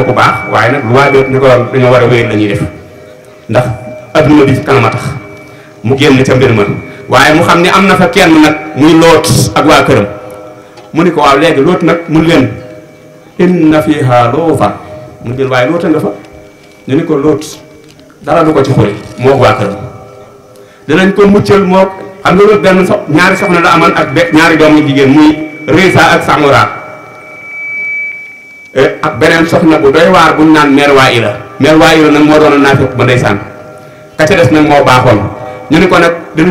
ku baax waaye nag lu waa bi ni ko dañoo war a wéer la ñuy def ndax adduna bi ci kanam a mu génn ca mbir ma waaye mu xam ne am na fa kenn nag muy loot ak waa këram mu ni ko waaw léegi loot nag mun leen inna fiha luutan mu jël leen waaye loota nga fa ñu ni ko loot dara du ko ci xuri moo danañ ko muccal moo xam nga loot benn so ñaari soxna la amoon ak be ñaari doomu jigéen muy Risa ak Samura eh, ak beneen soxna bu doy waar buñ naan meer waa ila meer waa ila nag moo doon naa ba ndeysaan ka ca des nag moo baaxoon ñu ni ko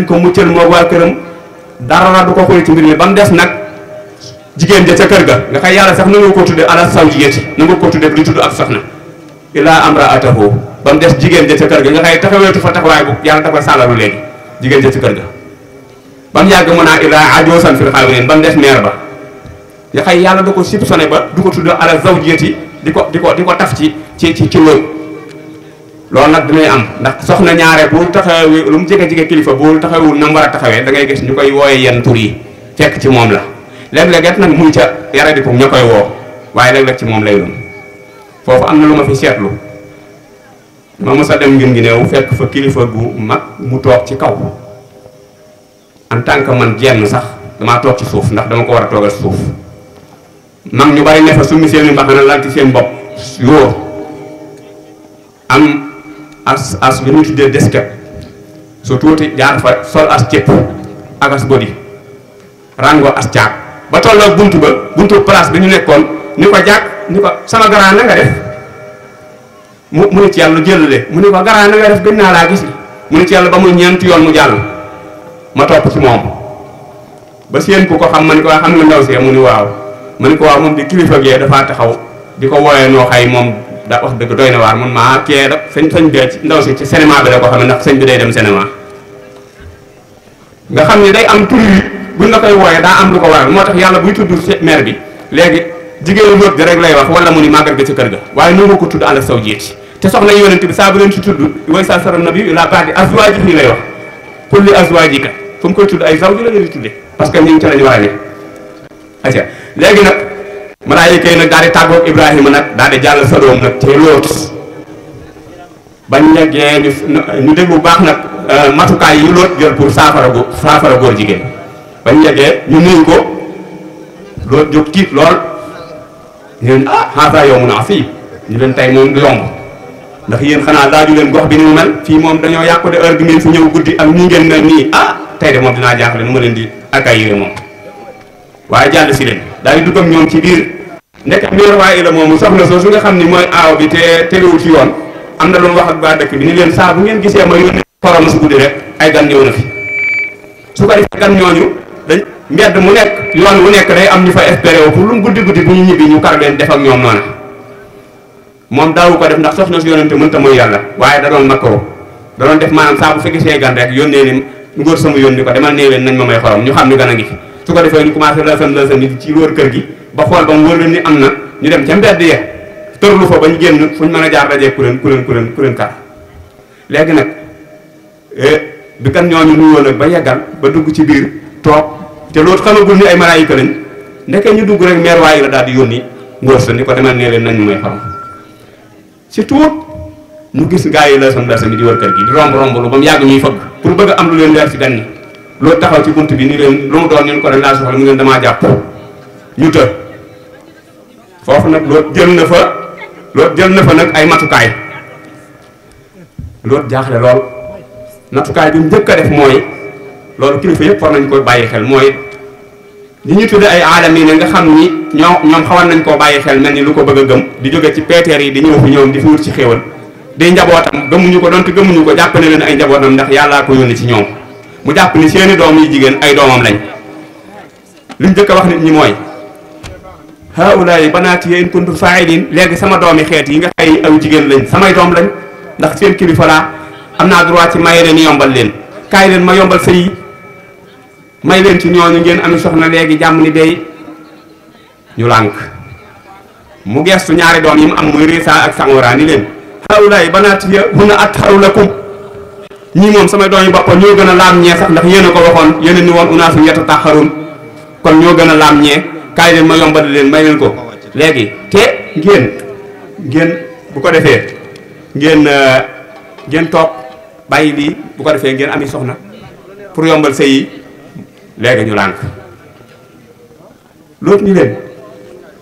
ko muccal moo waa këram dara du ko xuri ci mbir mi ba mu des nag jigéen ja ca kër ga nga xay yàlla sax nangu ko tudde ala zawjiyati nangu ko tudde duñ tudd ab soxna illaa amraatahu ba mu des jigéen ja ca kër ga nga xay taxaweetu fa taxawaay bu yàlla da koy sàllalu léegi jigéen ja ca kër ga ba mu yàgg mu naa illaa ajoosan fil xaawilin ba mu des meer ba nga xay yàlla da ko sib sone ba du ko tudde ala zawjiyati di ko di ko di ko taf ci ci ci ci loolu loolu nag dinay am ndax soxna ñaare bu taxawee lu mu jege jege kilifa bu taxawul na mu war a taxawee da ngay gis ñu koy wooye yenn tur yi fekk ci moom la léeg-léeg nag muy ca yaradiku ña koy woo waaye léeg-léeg ci moom lay doon foofu am na lu ma fi seetlu ma mos a dem ngir ngi néew fekk fa kilifa bu mag mu toog ci kaw en tant que man jenn sax damaa toog ci suuf ndax dama ko war a toogal suuf mag ñu bari ne fa summi seeni mbaxana lal ci seen bopp yóor am as as bi mu tuddee desket su tuuti jaar fa sol as cëpp ak as bodi as caag ba tolloo buntu ba buntu place bi ñu nekkoon ni ko jàkk ni ko sama grand na def mu mu ne ci yàlla jëlu de mu ne ko grand na def gën naa laa gis mu ne ci ba mu ñeenti yoon mu jàll ma topp ci moom ba seen ku ko xam ma ni ko waa xam nga ndaw see mu ni waaw ma ko waaw moom kilifa gee dafaa taxaw di ko wooyee noo xay moom daa wax dëgg doy na waar mun maa ah, kee da sëñ sëñ ndaw si ci cinéma bi la ko xam ndax sëñ bi day dem cinéma nga xam ne day am tur bu buñ la koy wooyee daa am lu ko waral moo tax yàlla buy tudd maire bi léegi jigéenu lóob bi rek lay wax wala mu ni màggal ga ca kër ga waaye nunga ko tudd àla saw jieti te soxna yonent bi saa bu leen ci tudd way sa saram nabi la baat di azwaaji nii lay wax pour li azwaaji ka fu mu koy tudd ay zawji la leen di tudde parce que ñun ci lañu waaye aca léegi nag malaayika yi nag daal di tàggoog ibrahima nag daal di jàll Sodom nag te Lóot bañ yeggee ñu ñu déglu baax nag euh, matukaay yi Lóot saafara góor saafara góor jigéen bañ yeggee ñu nuyu ko loolu jóg tiit lool ñu ne ah xaasaa yow mun a asib ñu leen tey moom du yomb ndax yéen xanaa laaju leen gox bi ni mu mel fii moom dañoo yàqu de bi ngeen fi ñëw guddi ak nii ngeen mel nii ah tey de moom dinaa ma leen di accueillir moom waaye jàll si leen daal di dugg ñoom ci biir nekk meer waaye la moomu soxna soo su nga xam ni mooy aaw bi te teewul ci yoon am na lu mu wax ak waa dëkk bi ni leen saa bu ngeen gisee ma yónnee korom su guddi rek ay gan ñëw na fi su ko defee gan ñooñu dañ mbedd mu nekk yoon wu nekk day am ñu fa espéré wu pour lu mu guddi guddi bu ñu ñibbi ñu kar leen def ak ñoom noonu moom daawu ko def ndax soxna si yonente mënta mooy yàlla waaye da doon makkaru da doon def maanaam saa bu fekkee see gan rek yónnee ni ngóor sama yónni ko demal nee leen nañ ma may xorom ñu xam ni gan a ngi su ko defee ñu commencé lësëm lësëm yi ci wóor kër gi ba xool ba mu wóor leen ni am na ñu dem ca mbedd ya tërlu fa bañ génn fuñ mën a jaar dajee kuréen kuréen kuréen kuréen kar léegi nag eh, bi kan ñooñu nuyoo nag ba yeggal ba dugg ci biir toog te loolu xamagul ni ay malaayika lañ ndeke ñu dugg rek meer waaye la daal di yónni ngóor sa ni ko demal nee leen nañ ñu may xaram si tuut mu gis gaa yi la son berse mi di wër kër gi di romb romb lu ba mu yàgg ñuy fëgg pour bëgg am lu leen leer si dañ ni loolu taxaw ci bunt bi ni leen lu mu doon ñun ko dañ laa soxla mu ngeen damaa jàpp ñu të foofu nag loolu jël na fa loolu jël na fa nag ay matukaay loolu jaaxle lool natukaay bi mu njëkk a def mooy loolu kilifa yëpp war nañ koy bàyyi xel mooy li ñu tudd ay aadam yi ne nga xam ni ñoo ñoom xawoon nañ koo bàyyi xel mel ni lu ko bëgg a gëm di jóge ci peeteer yi di ñëw fi ñoom di fi wut ci xéewal day njabootam gëmuñu ko donte gëmuñu ko jàpp ne leen ay njabootam ndax yàllaa ko yónni ci ñoom mu jàpp ni seeni doom yi jigéen ay doomam lañ li mu jëkk wax nit ñi mooy haulaay banaat yéen kuntum faa'iliin léegi sama doomi xeet yi nga xëy aw jigéen lañ samay doom lañ ndax seen kilifa laa am naa droit ci maye leen yombal leen kaay leen ma yombal sëy yi may leen ci ñooñu ngeen ami soxna léegi jàmm ni day ñu lànk mu gestu ñaari doom yi mu am muy Riisa ak Sangora ni leen xawlaay banaat ya a at xaru lakum ñii moom samay doom yi boppa ñoo gën a laam ñee sax ndax yéen a ko waxoon yéen a ni woon unaasu yetta taxarun kon ñoo gën a laam ñee kaay leen ma yombal leen may leen ko léegi te ngeen ngeen bu ko defee ngeen euh, ngeen toog bàyyi lii bu ko defee ngeen ami soxna pour yombal sëy yi léegi ñu lànk loolu ñu leen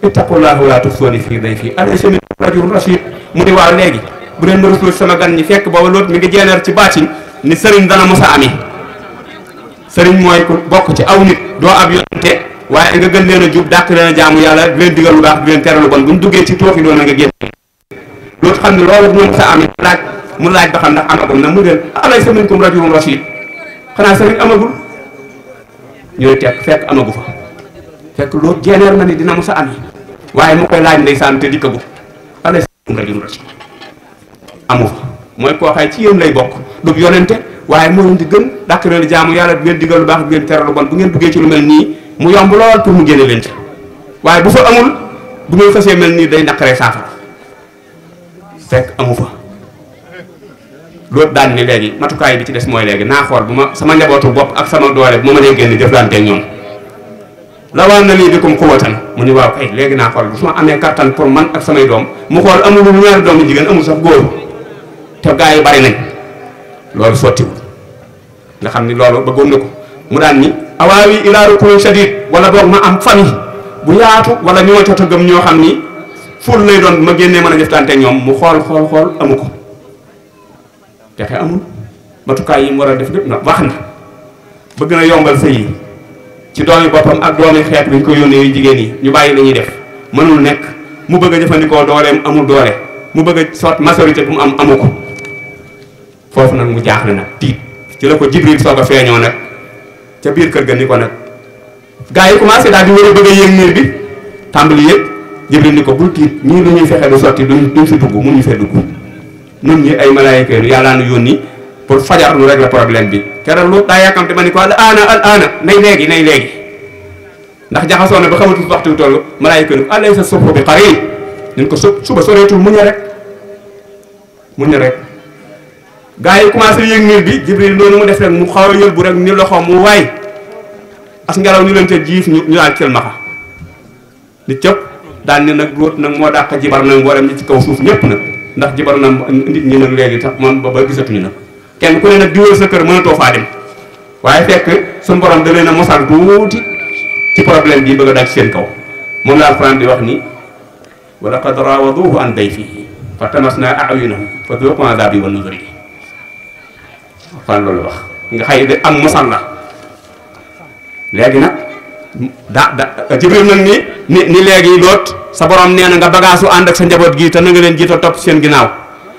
ittaqullaaha laa tufsuuni fii dayfii alaysa rajulun rasiid mu ni waaw bu leen sama gan ñi fekk booba loolu mi ngi jeeneer ci baatin ni sëriñ dana mos a ami sëriñ mooy bokk ci aw nit doo ab yonante waaye nga gën leen a jub dàq leen a jaamu yàlla di leen digal mu duggee ci tooxi doon na nga génn loolu xam laaj mu laaj ba xam ndax amagul na mu leen alaysa minkum rajulun rasiid xanaa sëriñ amagul ñooy tekk fekk amagu fa fekk loolu jeeneer na ni dina mu sa am waaye mu koy laaj ndeysaan te dikkagu alay rajul rasul amu fa mooy koo ci yéen lay bokk du yonente waaye moo di gën dàq leen jaamu yàlla du ngeen digal lu baax du ngeen tere lu bu ngeen duggee ci lu mel nii mu yomb lool pour mu génne leen ci waaye bu fa amul bu ngeen fasee mel nii day naqaree saafara fekk amu fa loolu daan ni léegi matukaay bi ci des mooy léegi naa xool bu ma sama njabootu bopp ak sama doole bu ma mënee génn jëflante ñoom na nii bikum quwwatan mu ñu waaw léegi naa xool bu amee kattan pour man ak samay doom mu xool amul lu ñaari doom yi jigéen amul sax góor te gaa yi bari loolu sottiwul nga xam ni loolu bëggoon na ko mu daan ni awaawi ilaa rukunin shadiid wala boog ma am famille bu yaatu wala ñoo cota gëm ñoo xam ni ful lay doon ma génnee mën a jëflante ñoom mu xool xool xool amu ko pexe amul matukaay yi mu war a def lépp na wax na bëgg na yombal sëy yi ci doomi boppam ak doomi xeet bi ñu ko yónnee yu jigéen yi ñu bàyyi la ñuy def mënul nekk mu bëgg a jëfandikoo dooleem amul doore mu bëgg a soit majorité bu mu am amu ko foofu nag mu jaaxle nag tiit ci la ko Jibril soo a feeñoo nag ca biir kër ga ni ko nag gars yi commencé daal di war a bëgg a yéeg niir bi tàmbali yëpp Jibril ni ko bul tiit ñii lu ñuy fexe du sotti duñ duñ fi dugg mënuñu fee dugg nun ñi ay malaayika yi yàllaa yoon nii pour fajar nu la problème bi keroog lu daa yàkkamte ma ni ko al aana al nay léegi nay léegi ndax jaxasoon na ba xamatul waxtu wi toll malaayika ni alaysa subhu bi qariib ñun ko su suba soreetul muñ rek muñ rek gars yi commencé yëg niir bi jibril noonu mu def rek mu xaw a yël bu rek ni loxo mu waay as ngelaw ñu leen ca jiif ñu ñu daal cël maxa ni cëpp daal ne nag róot nag moo dàq jibar ci kaw suuf ñëpp nag ndax jibar na nit ñi nag léegi tax man ba ba gisatuñu nag kenn ku ne nag di wër sa kër mënatoo faa dem waaye fekk suñu borom da leen a mosal tuuti ci problème bii bëgg a daal ci seen kaw moom la alxuraan di wax ni wa laqad raawaduuhu an dayfihi fa tamasnaa a'yunahum fa dhuuquu nga xëy de am mosal la léegi nag da da Jibril nag ni ni ni léegi loot sa boroom nee na nga bagaasu ànd ak sa njaboot gi te na leen jiital topp seen ginnaaw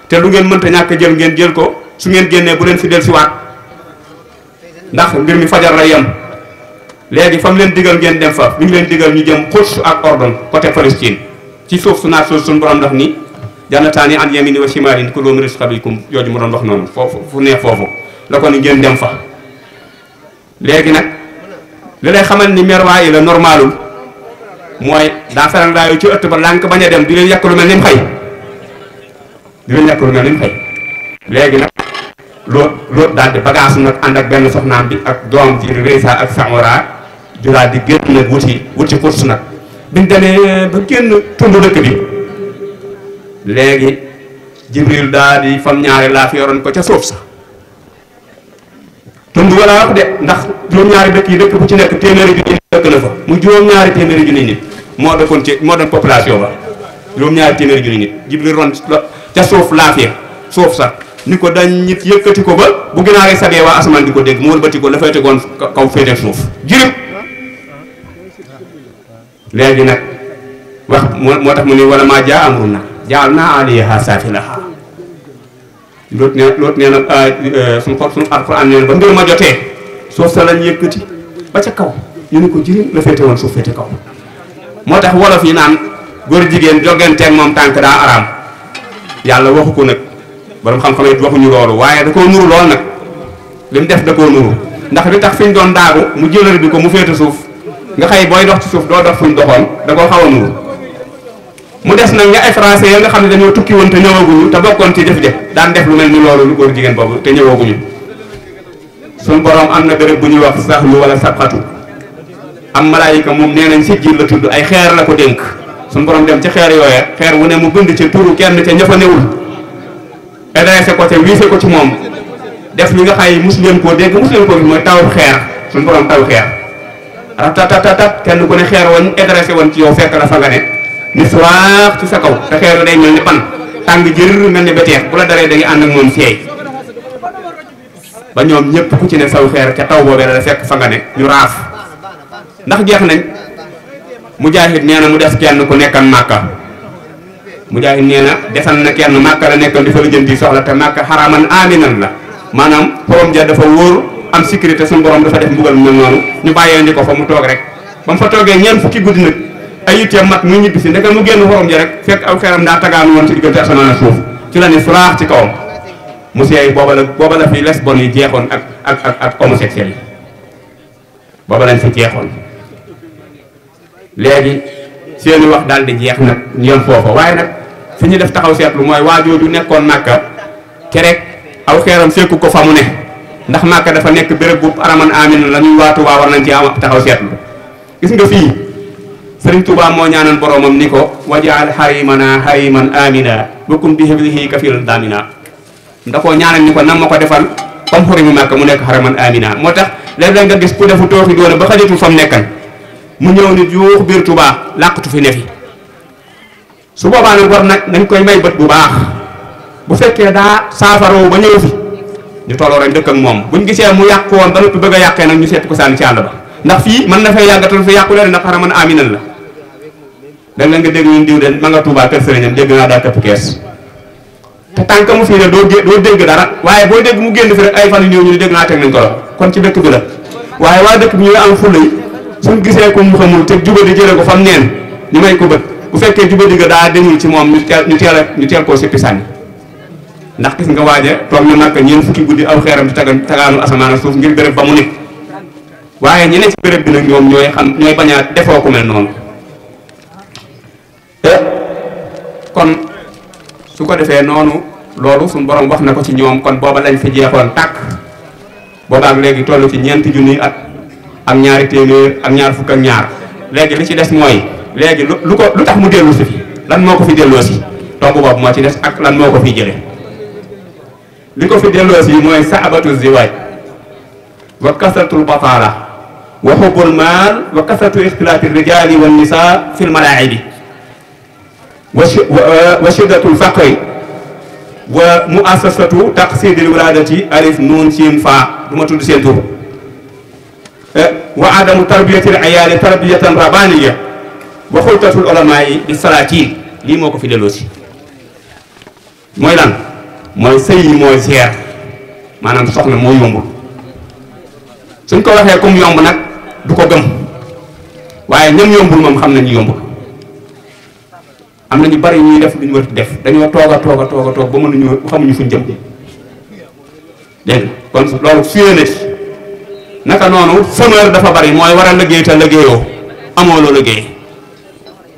te lu ngeen mënta ñàkk jël ngeen jël ko su ngeen génnee bu leen fi dellusiwaat ndax mbir mi fajar la yem léegi fa mu leen digal ngeen dem fa mi ngi leen digal ñu jëm Quds ak Ordon côté Palestine ci suuf su naat suuf suñu borom daf ni jannataani an yamini wa shimaalin kuluu min rizqikum yooju mu doon wax noonu foofu fu neex foofu la ko ni ngeen dem fa léegi nag li lay ni mer la normalul mooy daa faral daa yow ci ëtt ba lànk bañ a dem di leen yàq lu mel ni mu xëy di leen yàq lu mel ni mu xëy léegi nag loo loolu daal di bagage nag ànd ak benn soxnaam bi ak doom ji Reysa ak Samora di daal di génn nag wuti wuti course nag biñ demee ba génn tund dëkk bi léegi Jibril daal di fam ñaari laa fi yoroon ko ca suuf sax tund wala wax de ndax juróom-ñaari dëkk yi dëkk bu ci nekk téeméeri junni dëkk na fa mu juróom-ñaari téeméeri junni nit moo defoon ci moo doon population ba juróom-ñaari téeméeri junni nit Jibril ron ca suuf laafee suuf sax ni ko dañ nit yëkkati ko ba bu ginaaree sabee waa asamaan di ko dégg mu wëlbati ko dafay tegoon kaw féete suuf jirib léegi nag moo tax mu ne wala maa na jaal euh, na euh, suñu xol suñu alquran nee na ba mbir jotee suuf sa lañ yëkkati ba kaw ñu ko jirim la féete woon suuf féete kaw moo tax wolof yi naan góor jigéen jogganteeg moom tànk daa araam yàlla waxu ko nag borom xam-xam it waxuñu loolu waaye da koo nuru lool nag li mu def da koo nuru ndax li tax fi doon daagu mu jëlër bi ko mu féete suuf nga xëy booy dox ci suuf doo dox fu ñu doxoon da koo xaw a nuru mu des nag nga ay français ya nga xam ne dañoo tukki woon te ñëwaguñu te bokkoon ci jëf-jëf daan def lu mel ni loolu lu góor jigéen boobu te ñëwaguñu suñ borom am na béréb bu ñuy wax saxlu wala sabxatu am malaayika moom nee nañ si jiir la tudd ay xeer la ko dénk suñu borom dem ci xeer yooya xeer wu ne mu bind ci turu kenn ca ñëfa newul adressé ko te wiise ko ci moom def li nga xam ne mos leen koo dégg mos leen koo mooy taw xeer suñu borom taw xeer ratatatat kenn ku ne xeer woon adressé woon ci yow fekk la fa nga ne ni suwaax ci sa kaw te xeer day mel ni ban tàng jër mel ni beteex bu la daree da nga ànd ak moom seey ba ñoom ñëpp ku ci ne saw xeer ca taw boobee la fekk fa ndax jeex nañ mujaahid nee na mu def kenn ku nekkan màkka mujaahid nee na desan na kenn màkka la nekkoon di fa lijjanti soxla te màkka xaraaman aminan la maanaam xorom ja dafa wóor am sécurité suñu borom dafa def mbugal mu mel noonu ñu bàyyee ndi ko fa mu toog rek ba mu fa toogee ñeent fukki guddi nag ay yitteem mat mu ñibbisi ndeke mu génn xorom ja rek fekk aw xeeram daa tagaan woon ci diggante asamaan foofu suuf ci la ne suraax ci kawam monsieur yi booba la booba la fi lesbon yi jeexoon ak ak ak ak homosexuels yi lañ fi jeexoon léegi seeni wax daal di jeex nag yem foofa waaye nag fi ñu def taxaw seetlu mooy waajooju nekkoon màkka kerek aw xeeram sekku ko fa mu ne ndax màkka dafa nekk béréb bu araman amin la ñuy waatu waa war nañ ci am taxaw seetlu gis nga fii sëriñ Touba moo ñaanoon boromam ni ko wajaal harimana hariman amina bokkum bi hibrihi kafil damina nda koo ñaanal ni ko nan ma ko defal comme xorimu màkka mu nekk haraman amina moo tax léeg-léeg nga gis ku defu tooxi doona ba xajatul fa mu nekkan mu ñëw nit yuux biir Touba làqatu fi ne fi su boobaa nag war nag nañ koy may bët bu baax bu fekkee daa saafaroo ba ñëw fi ñu tolloo rek dëkk ak moom bu buñ gisee mu yàq woon ba noppi bëgg a yàqee nag ñu seet ko sànni ci àll ba ndax fii mën na fay yàggatal fi yàqu leen ndax xanaa man aminan la da la nga dégg ñun diw de ma nga Touba kër sëriñam dégg naa daa këpp kees te tànk mu fii ne doo doo dégg dara waaye boo dégg mu génn fi rek ay fan yu ñëw ñu ne dégg teg nañ ko kon ci dëkk bi la suñ gisee ko mu xamul te jubadi jëlee ko fam neen ñu may ko bët bu fekkee jubadi ga daa demul ci moom ñu teel ñu teel koo sippi sànni ndax gis nga waaje toog na nag ñeent fukki guddi aw xeeram di tagan tagaanu asamaan ak suuf ngir béréb ba mu ne waaye ñi ne ci béréb bi nag ñoom ñooy xam ñooy bañaat defoo ku mel noonu te eh, kon su ko defee noonu loolu suñu borom wax na ko ci ñoom kon booba lañ fi jeexoon tàkk boobaak léegi toll ci ñeenti junniy at am ñaari téeméer am ñaar fukk ak ñaar léegi li ci des mooy léegi lu ko lu tax mu dellu si lan moo ko fi delloo si tomb boobu moo ci des ak lan moo ko fiy jële li ko fi delloo si mooy saabatu ziwaaj wa kasratul bataala wa xubbul maal wa kasratu ixtilaati rijaali wa nisaa fi lmalaacibi wa shiddatul faqri wa muassasatu taqsidil wilaadati alif nuun siin faa tudd seen tur Eh, wa adamu tarbiyatil ayaali tarbiyatan rabaniya wa xultatul olamaa yi bi salaatiin lii moo ko fi delloo si mooy lan mooy sëy yi mooy seer maanaam soxna moo yomb suñ ko waxee comme yomb nag du ko gëm waaye ñoom yombul moom xam nañu yombul am na ñu bari ñuy def lu ñu war def dañoo toog a toog a toog a toog ba mënuñu xamuñu fi jëm dégg kon loolu suyee na ci naka noonu chômeur dafa bari mooy war a liggéey te liggéeyoo amoo loo liggéey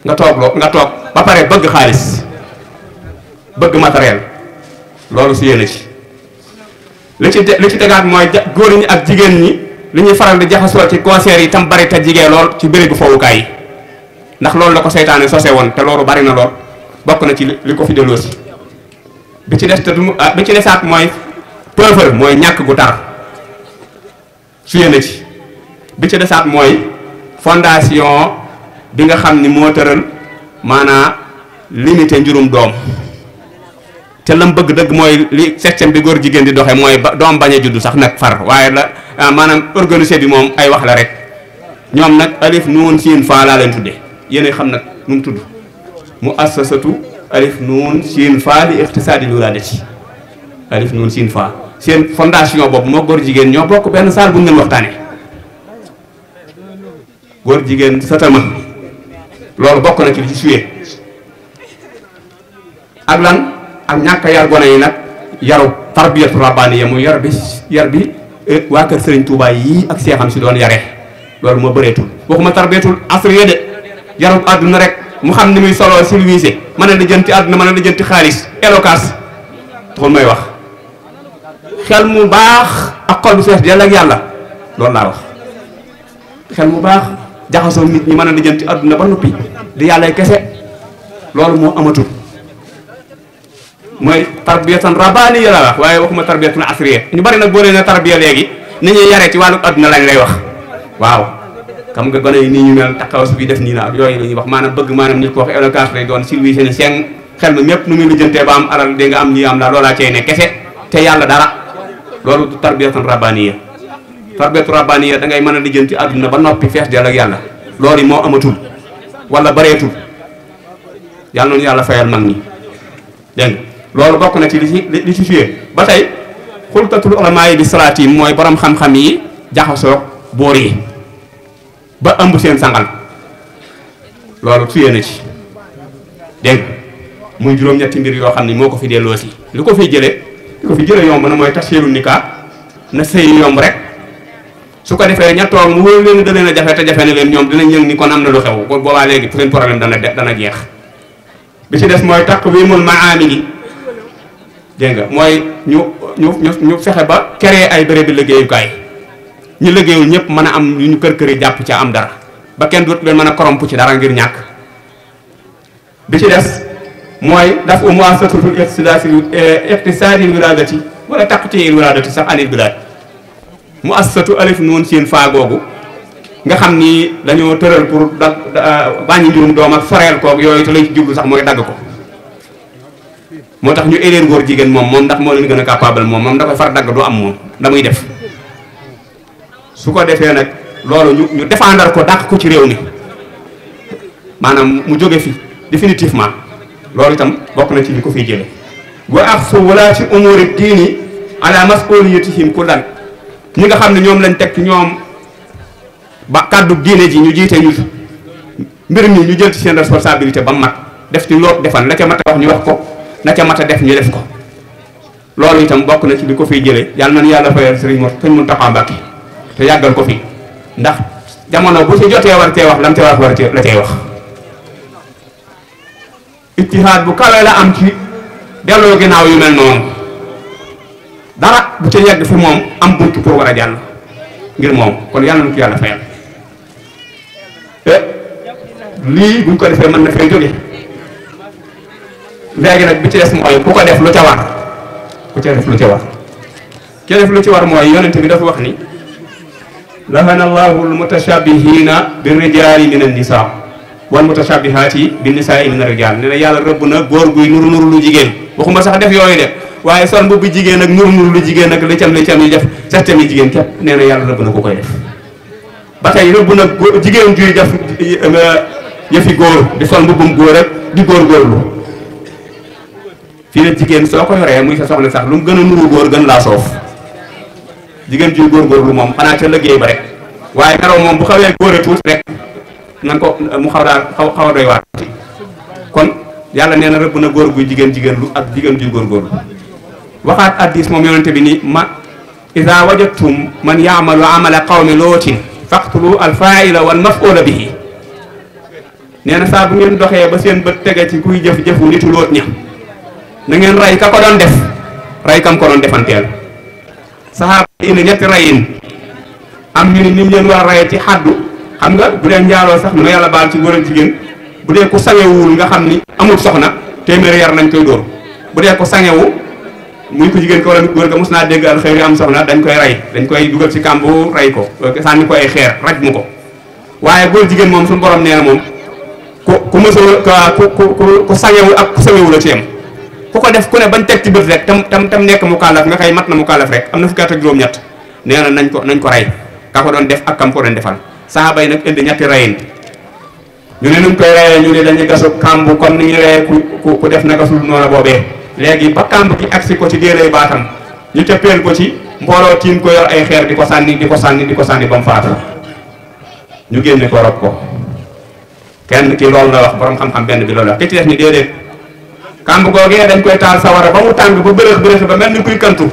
nga toog loo nga toog ba pare bëgg xaalis bëgg matériel loolu si yéene ci li ci li ci tegaat mooy góor ñi ak jigéen ñi li ñuy faral di jaxasoo ci concert yi tam bari te jigéen lool ci bérébu fowukaay yi ndax loolu la ko seytaane sose woon te loolu bari na lool bokk na ci li ko fi delloosi bi ci des te du ah, bi ci desaat mooy peuple mooy ñàkk gu tar suyee na ci bi ci desaat mooy fondation bi nga xam ni moo tëral maanaa limité njurum doom te lam bëgg dëgg mooy li système bi góor jigéen di doxee mooy ba doom bañ juddu sax nag far waaye la ah, maanaam organisé bi moom ay wax la rek ñoom nag alif nuun siin faa laa leen tudde yéen xam nag nu mu tudd mu assasatu alif nuun siin faa li iqtisaadi lu laa de ci alif nuun siin faa seen fondation boobu moo góor jigéen ñoo bokk benn saal bu ñu leen waxtaanee góor jigéen satama loolu bokk na ci li ci suyee ak lan ak ñàkk yar gone yi nag yaru tarbiyatu rabbaaniya mu yar bi yar bi eh, waa kër Serigne Touba yii ak seexam si doon yaree loolu moo bëreetul waxuma tarbiyatul asriya de yarub àdduna rek mu xam ni muy solo silvisé mën a lijjanti àdduna mën a lijjanti xaalis éloquence taxul may wax xel mu baax ak xol bu fees dell ak yàlla loolu laa wax xel mu baax jaxasoo nit ñi mën a lijjanti àdduna ba noppi di yàlla kese loolu moo amatul mooy tarbiyatan rabbaani yi la wax waaye waxuma tarbiyatan asriya ñu bari nag boo ne ne tarbiya léegi ni ñuy yaree ci wàllu àdduna lañ lay wax waaw xam nga gone yi nii ñu mel taxawas bi def nii na yooyu la ñuy wax maanaam bëgg maanaam nit ko wax éloquence lay doon silvi seen seen xel mi mépp nu muy lijjantee ba am alal dégg am lii am la loolaa cey ne te yàlla dara loolu du tarbiyatu rabbaniya tarbiyatu rabbaniya da ngay mën a lijjanti àdduna ba noppi fees dell ak yàlla loolu moo amatul wala bareetul yàlla noonu yàlla fayal mag ñi dégg nga loolu bokk na ci li ci li ci fiyee ba tey xultatul ulamaa bi salaat mooy boroom xam-xam yi jaxasoo boor yi ba ëmb seen sangal loolu fiyee na ci dégg nga muy juróom-ñetti mbir yoo xam ni moo ko fi delloo si li ko fiy jëlee. li ko fi jële yomb na mooy tasiiru nikaa na sëy yomb rek su ko defee ña toog mu wóor leen da leen a jafe te jafe ne leen ñoom dinañ yëng ni kon am na lu xew kon boobaa léegi seen problème dana dana jeex bi ci des mooy taqwiimul maamili dégg nga mooy ñu ñu ñu fexe ba créer ay béréb bi liggéeyukaay ñu liggéeyul ñëpp mën a am lu ñu kër këri jàpp ca am dara ba kenn dootu leen mën a korompu ci dara ngir ñàkk bi ci des mooy dafa umma saturtul iqtisaasi iqtisaadi wilaadati wala taqtiyi wilaadati sax anil bilaad mu assatu alif noonu seen faa googu nga xam ni dañoo tëral pour da bàññi njurum doom ak foreel koog yooyu te lañ ci jublu sax mooy dagg ko moo tax ñu éleer góor jigéen moom moom ndax moo leen gën a capable moom moom da far dagg du am moom da def su ko defee nag loolu ñu ñu défendre ko dàq ko ci réew mi maanaam mu jóge fi définitivement loolu itam bokk na ci li ko fiy jële wa axsu walaati umuri diini ala masuliyatihim ku lan ñi nga xam ne ñoom lañ teg ñoom ba kàddu giine ji ñu jiite ñu mbir mi ñu jël ci seen responsabilité ba mat def ci loo defal la ca mat a wax ñu wax ko na ca mat a def ñu def ko loolu itam bokk na ci li ko fiy jële yàlla nañu yàlla fayal sëriñ Mor mun Muntaxa Mbàkke te yàggal ko fi ndax jamono bu ci jotee war tee wax lam te wax war la tee wax ittihaad bu kawe la am ci delloo ginnaaw yu mel noonu dara bu ca yegg fi moom am buntu pour war a jàll ngir moom kon yàlla na ko yàlla fayal eh, lii buñ ko defee mën na fee jóge léegi nag bi ci des mooy ku ko def lu ca war ku ca def lu ci war mooy yonent bi dafa wax ni lahana allahu almutashabihina bi rijaali min annisaa wal mutashabihaati bi nisaa'i min ar-rijaal nee na yàlla rëbb na góor guy nuru nuru lu jigéen waxuma sax def yooyu de waaye sol mbubbu jigéen ak nuru nuru lu jigéen ak lëcam lëcam yi def sextam yi jigéen képp nee na yàlla rëbb na ku koy def ba tey rëbb na jigéen juy def euh, yëfi góor di sol mbubbum góor ak di góor góorlu fii nag jigéen soo ko yoree muy sa soxna sax lu mu gën a nuru góor gën laa soof jigéen juy góor góorlu moom xanaa ca liggéey nan ko euh, mu a doy waar kon yàlla nee na rëbb na góor guy jigéen lu ak jigéen ju góor góorlu waxaat addis moom yonente bi ni ma ida wajadtum man yaamalu amala qawmi lootin na saa bu ngeen doxee ba seen bët tege ci kuy jëf-jëfu nitu loot ña na ngeen rey ka ko doon def rey kam ko doon defanteel saxaaba yi ne ñetti reyin am ñu ni nim leen war a reye ci xaddu xam nga bu dee njaaloo sax mu yàlla baal ci góor ak jigéen bu dee ku sangewul nga xam ni amul soxna téeméeri yar nañ koy dóor bu dee ko sangewu muy ko jigéen ko wala a mos naa dégg alxëy am soxna dañ koy rey dañ koy dugal ci kàmbu rey ko sànni ko ay xeer raj mu ko waaye góor jigéen moom suñu borom nee na moom ku ku mësul ku ku sangewu ak ku sangewu la ci yem ku ko def ku ne bañ teg ci bët rek tam tam tam nekk mu kàllaf nga xëy mat na mu kàllaf rek am na fukki at ak ñett nee na ko nañ ko rey ka ko doon def ak kam ko doon defal saaba yi nag indi ñetti rayante ñu ne nuñ koy rayee ñu ne dañuy gasu kàmb comme ni ñu rayee ku ku def naka sul noonu boobee léegi ba kàmb ki agsi ko ci déeray baatam ñu cëppeel ko ci mbooloo tiim ko yor ay xeer di ko sànni di ko sànni di ko sànni ba mu ñu génne ko ko kenn ki loolu la wax borom xam-xam benn bi loolu wax ki ci def déedéet kàmb googee dañ koy taal sawara ba mu tàng ba bërëx bërëx ba mel ni kuy kantu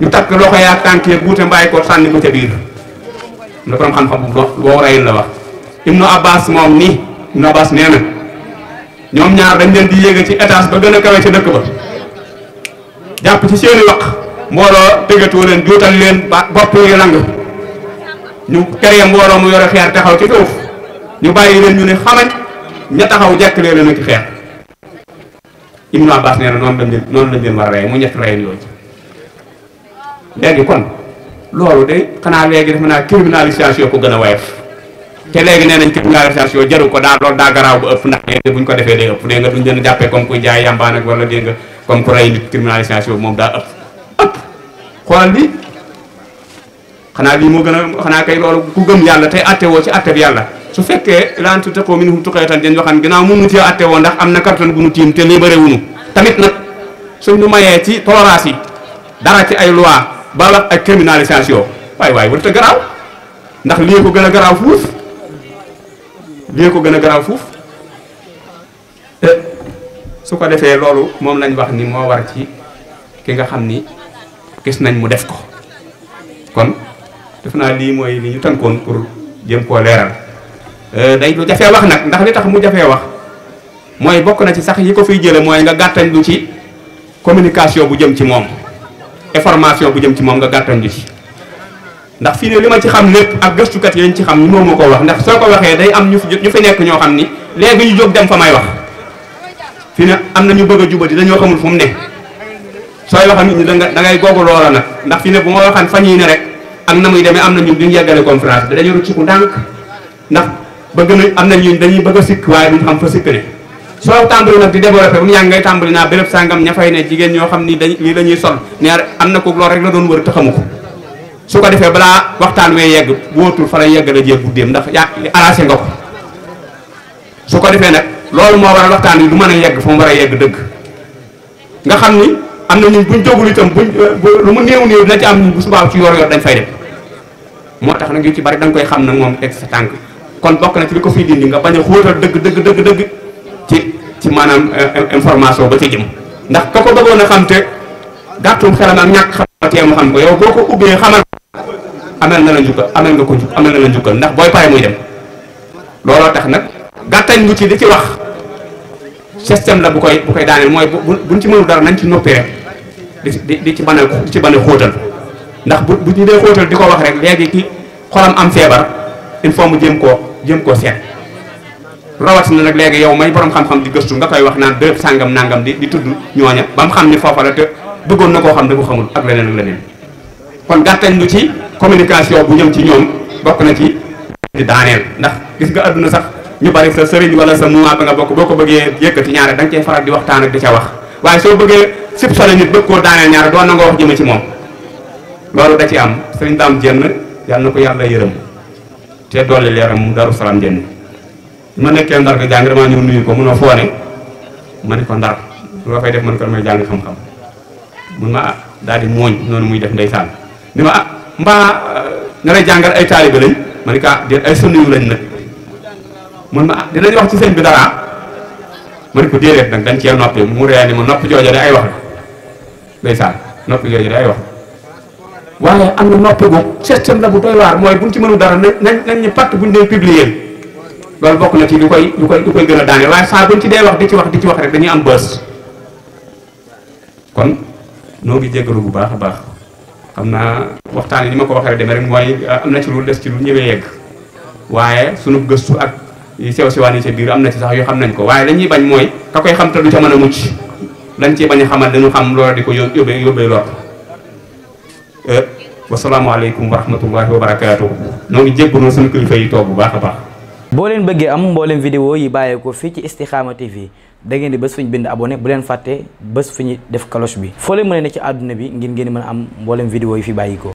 ñu takk loxo yaa tànk ya guute mbaay sànni la borom xam-xam bu boo rayul la wax Ibnu Abbas moom nii Ibnu Abbas nee na ñoom ñaar dañ leen di yéeg ci étage ba gën a kawe ci dëkk ba jàpp ci seeni wax mbooloo tëggatoo leen juutal leen ba bopp yi lang ñu créé mbooloo mu yore xeer taxaw ci suuf ñu bàyyi leen ñu ne xamañ ña taxaw jekk leen na ci xeer Ibnu Abbas nee na noonu lañ leen noonu lañ leen war a rey mu ñetti reyen yooyu léegi kon loolu de xanaa léegi def naa criminalisation ko gën a woyof te léegi nee nañ criminalisation jaru ko daa loolu daa garaaw bu ëpp ndax dégg buñ ko defee day ëpp dégg nga duñ leen jàppee comme kuy jaay yambaan ak wala dégg nga bi moom daa ëpp ëpp xoolal bi xanaa lii moo gën a xanaa kay loolu ku gëm yàlla tey atte woo ci atte bi yàlla su fekkee laantu taqoo minhum tuqeetan den waxan ginnaaw mun nu cee atte woo ndax am na karton bu nu tiim te libéré wuñu tamit nag suñ ñu mayee ci tolérance yi dara ci ay loi ba wax ak criminalisation waay waay warut a garaaw ndax lii ko gën a garaaw fuuf lii ko gën a garaaw fuuf eh, su ko defee loolu moom lañ wax ni moo war ci ki nga xam ni gis nañ mu def ko kon def naa lii mooy li ñu tënkoon pour jëm koo leeral eh, day lu jafee wax nag ndax li tax mu jafee wax mooy bokk na ci sax yi ko fiy jële mooy nga gàttañ lu ci communication bu jëm ci moom information bu jëm ci moom nga gàttandu ci ndax fii ne li ma ci xam lépp ak gëstukat yañ ci xam moom moo ko wax ndax soo ko waxee day am ñu fi ñu fi nekk ñoo xam ni léegi ñu jóg dem fa may wax fii ne am na ñu bëgg a jubati dañoo xamul fu mu ne sooy wax ak nit ñi danga dangay googu loola nag ndax fii ne bu ma waxaan fa ñuy ne rek ak na muy demee am na ñu duñu yeggale conférence bi dañoo ci ku ndànk ndax bëgg na am na ñun dañuy bëgg a sikk waaye duñ xam fa sikk soo tàmbali nag di développé bu mu ngay tàmbali naa béréb sàngam ña fay ne jigéen ñoo xam ni dañ lii la ñuy sol ne am na ko loolu rek la doon wër te xamu ko su ko defee balaa waxtaan wee yegg wóotul fa lay yegg la jéeg guddeem ndax yaa arrangé nga ko su ko defee nag loolu moo waral waxtaan wi du mën a yegg fa mu war a yegg dëgg nga xam ni am na ñun buñ jógul itam buñ lu mu néew néew dina ci am bu subaa ci yor-yor dañ fay dem moo tax nag yu ci bare da nga koy xam nag moom teg sa tànk kon bokk na ci li ko fiy dindi nga bañ a xóotal dëgg dëgg dëgg dëgg. ci ci maanaam euh, information ba ci jëm ndax ka ko bëggoon a xam te gàttum xelam ak ñàkk xam nga yow boo ko ubbee xamal amal na la njukkal amal nga ko njuk amal na la njukkal ndax booy pare muy dem looloo tax nag gàttañ lu ci di ci wax système la bu koy bu koy daaneel mooy buñ ci mënul dara nañ ci noppi rek di di ci mën di ci mën a xóotal ndax bu bu ñu dee xóotal di ko wax rek léegi ki xolam am feebar il faut mu jëm koo jëm koo seet rawatina nag léegi yow may borom xam-xam di gëstu nga koy wax naan dërëb sàngam nangam di di tudd ñooña ba mu xam ne foofa la te bëggoon na koo xam ne ko xamul ak leneen ak leneen kon gàttañ lu ci communication bu jëm ci ñoom bokk na ci di daaneel ndax gis nga àdduna sax ñu bari sa sëriñ wala sa mouvement ba nga bokk boo ko bëggee yëkkati ñaare da nga cee faral di waxtaan ak di ca wax waaye soo bëggee sib solo nit bëgg koo daaneel ñaare doon na nga wax loolu da ci am sëriñ daam jenn yàlla na ko yàlla yërëm te doole leeram mu daru salaam jenn ma nekkee ndar ka jàng damaa ñëw nuyu ko mun a foone ma ne ko ndar lu ma fay def man ko damay jàng xam-xam mun ma ah daal di mooñ noonu muy def ndeysaan ni ma ah mbaa ah, nga lay jàngal ay taaliba lañ ma ne ko ah déet ay sunni yu lañ nag mun ma ah dinañ wax ci sëñ bi dara ma ne ko déedéet nag dañ cee noppi mu ree ni ma nopp jooja de ay wax la ndeysaan noppi jooja de ay wax waaye am na noppi googu système la bu doy waar mooy buñ ci mënu dara nañ nañ ñu patt buñ dee publier loolu bokk na ci lu koy lu koy lu koy gën a daane waaye saa buñ ci dee wax di ci wax di ci wax rek dañuy am bës kon noo ngi jéggalu bu baax a baax xam naa waxtaan yi ni ma ko waxee demee rek mooy ah, am na ci lu des ci lu ñëwee yegg waaye sunu gëstu ak sew siwaan yi ca biir am na ci sax yoo xam nañ ko waaye lañuy bañ mooy ka koy xam te du ca mën a mucc bañ a xamal dañu xam loola di ko yóbbee yóbbee lor wasalaamualeykum eh, wa rahmatullahi wa barakaatu noo ngi suñu kilifa yi toog bu baax a baax boo leen bëggee am mbooleem vidéo yi bàyyeekoo fii ci Istikhama TV da ngeen di bés fu ñu bind abonné bu leen fàtte bés fu ñu def cloche bi foo leen mën a ne ci àdduna bi ngir ngeen mën a am mbooleem vidéo yi fi bàyyikoo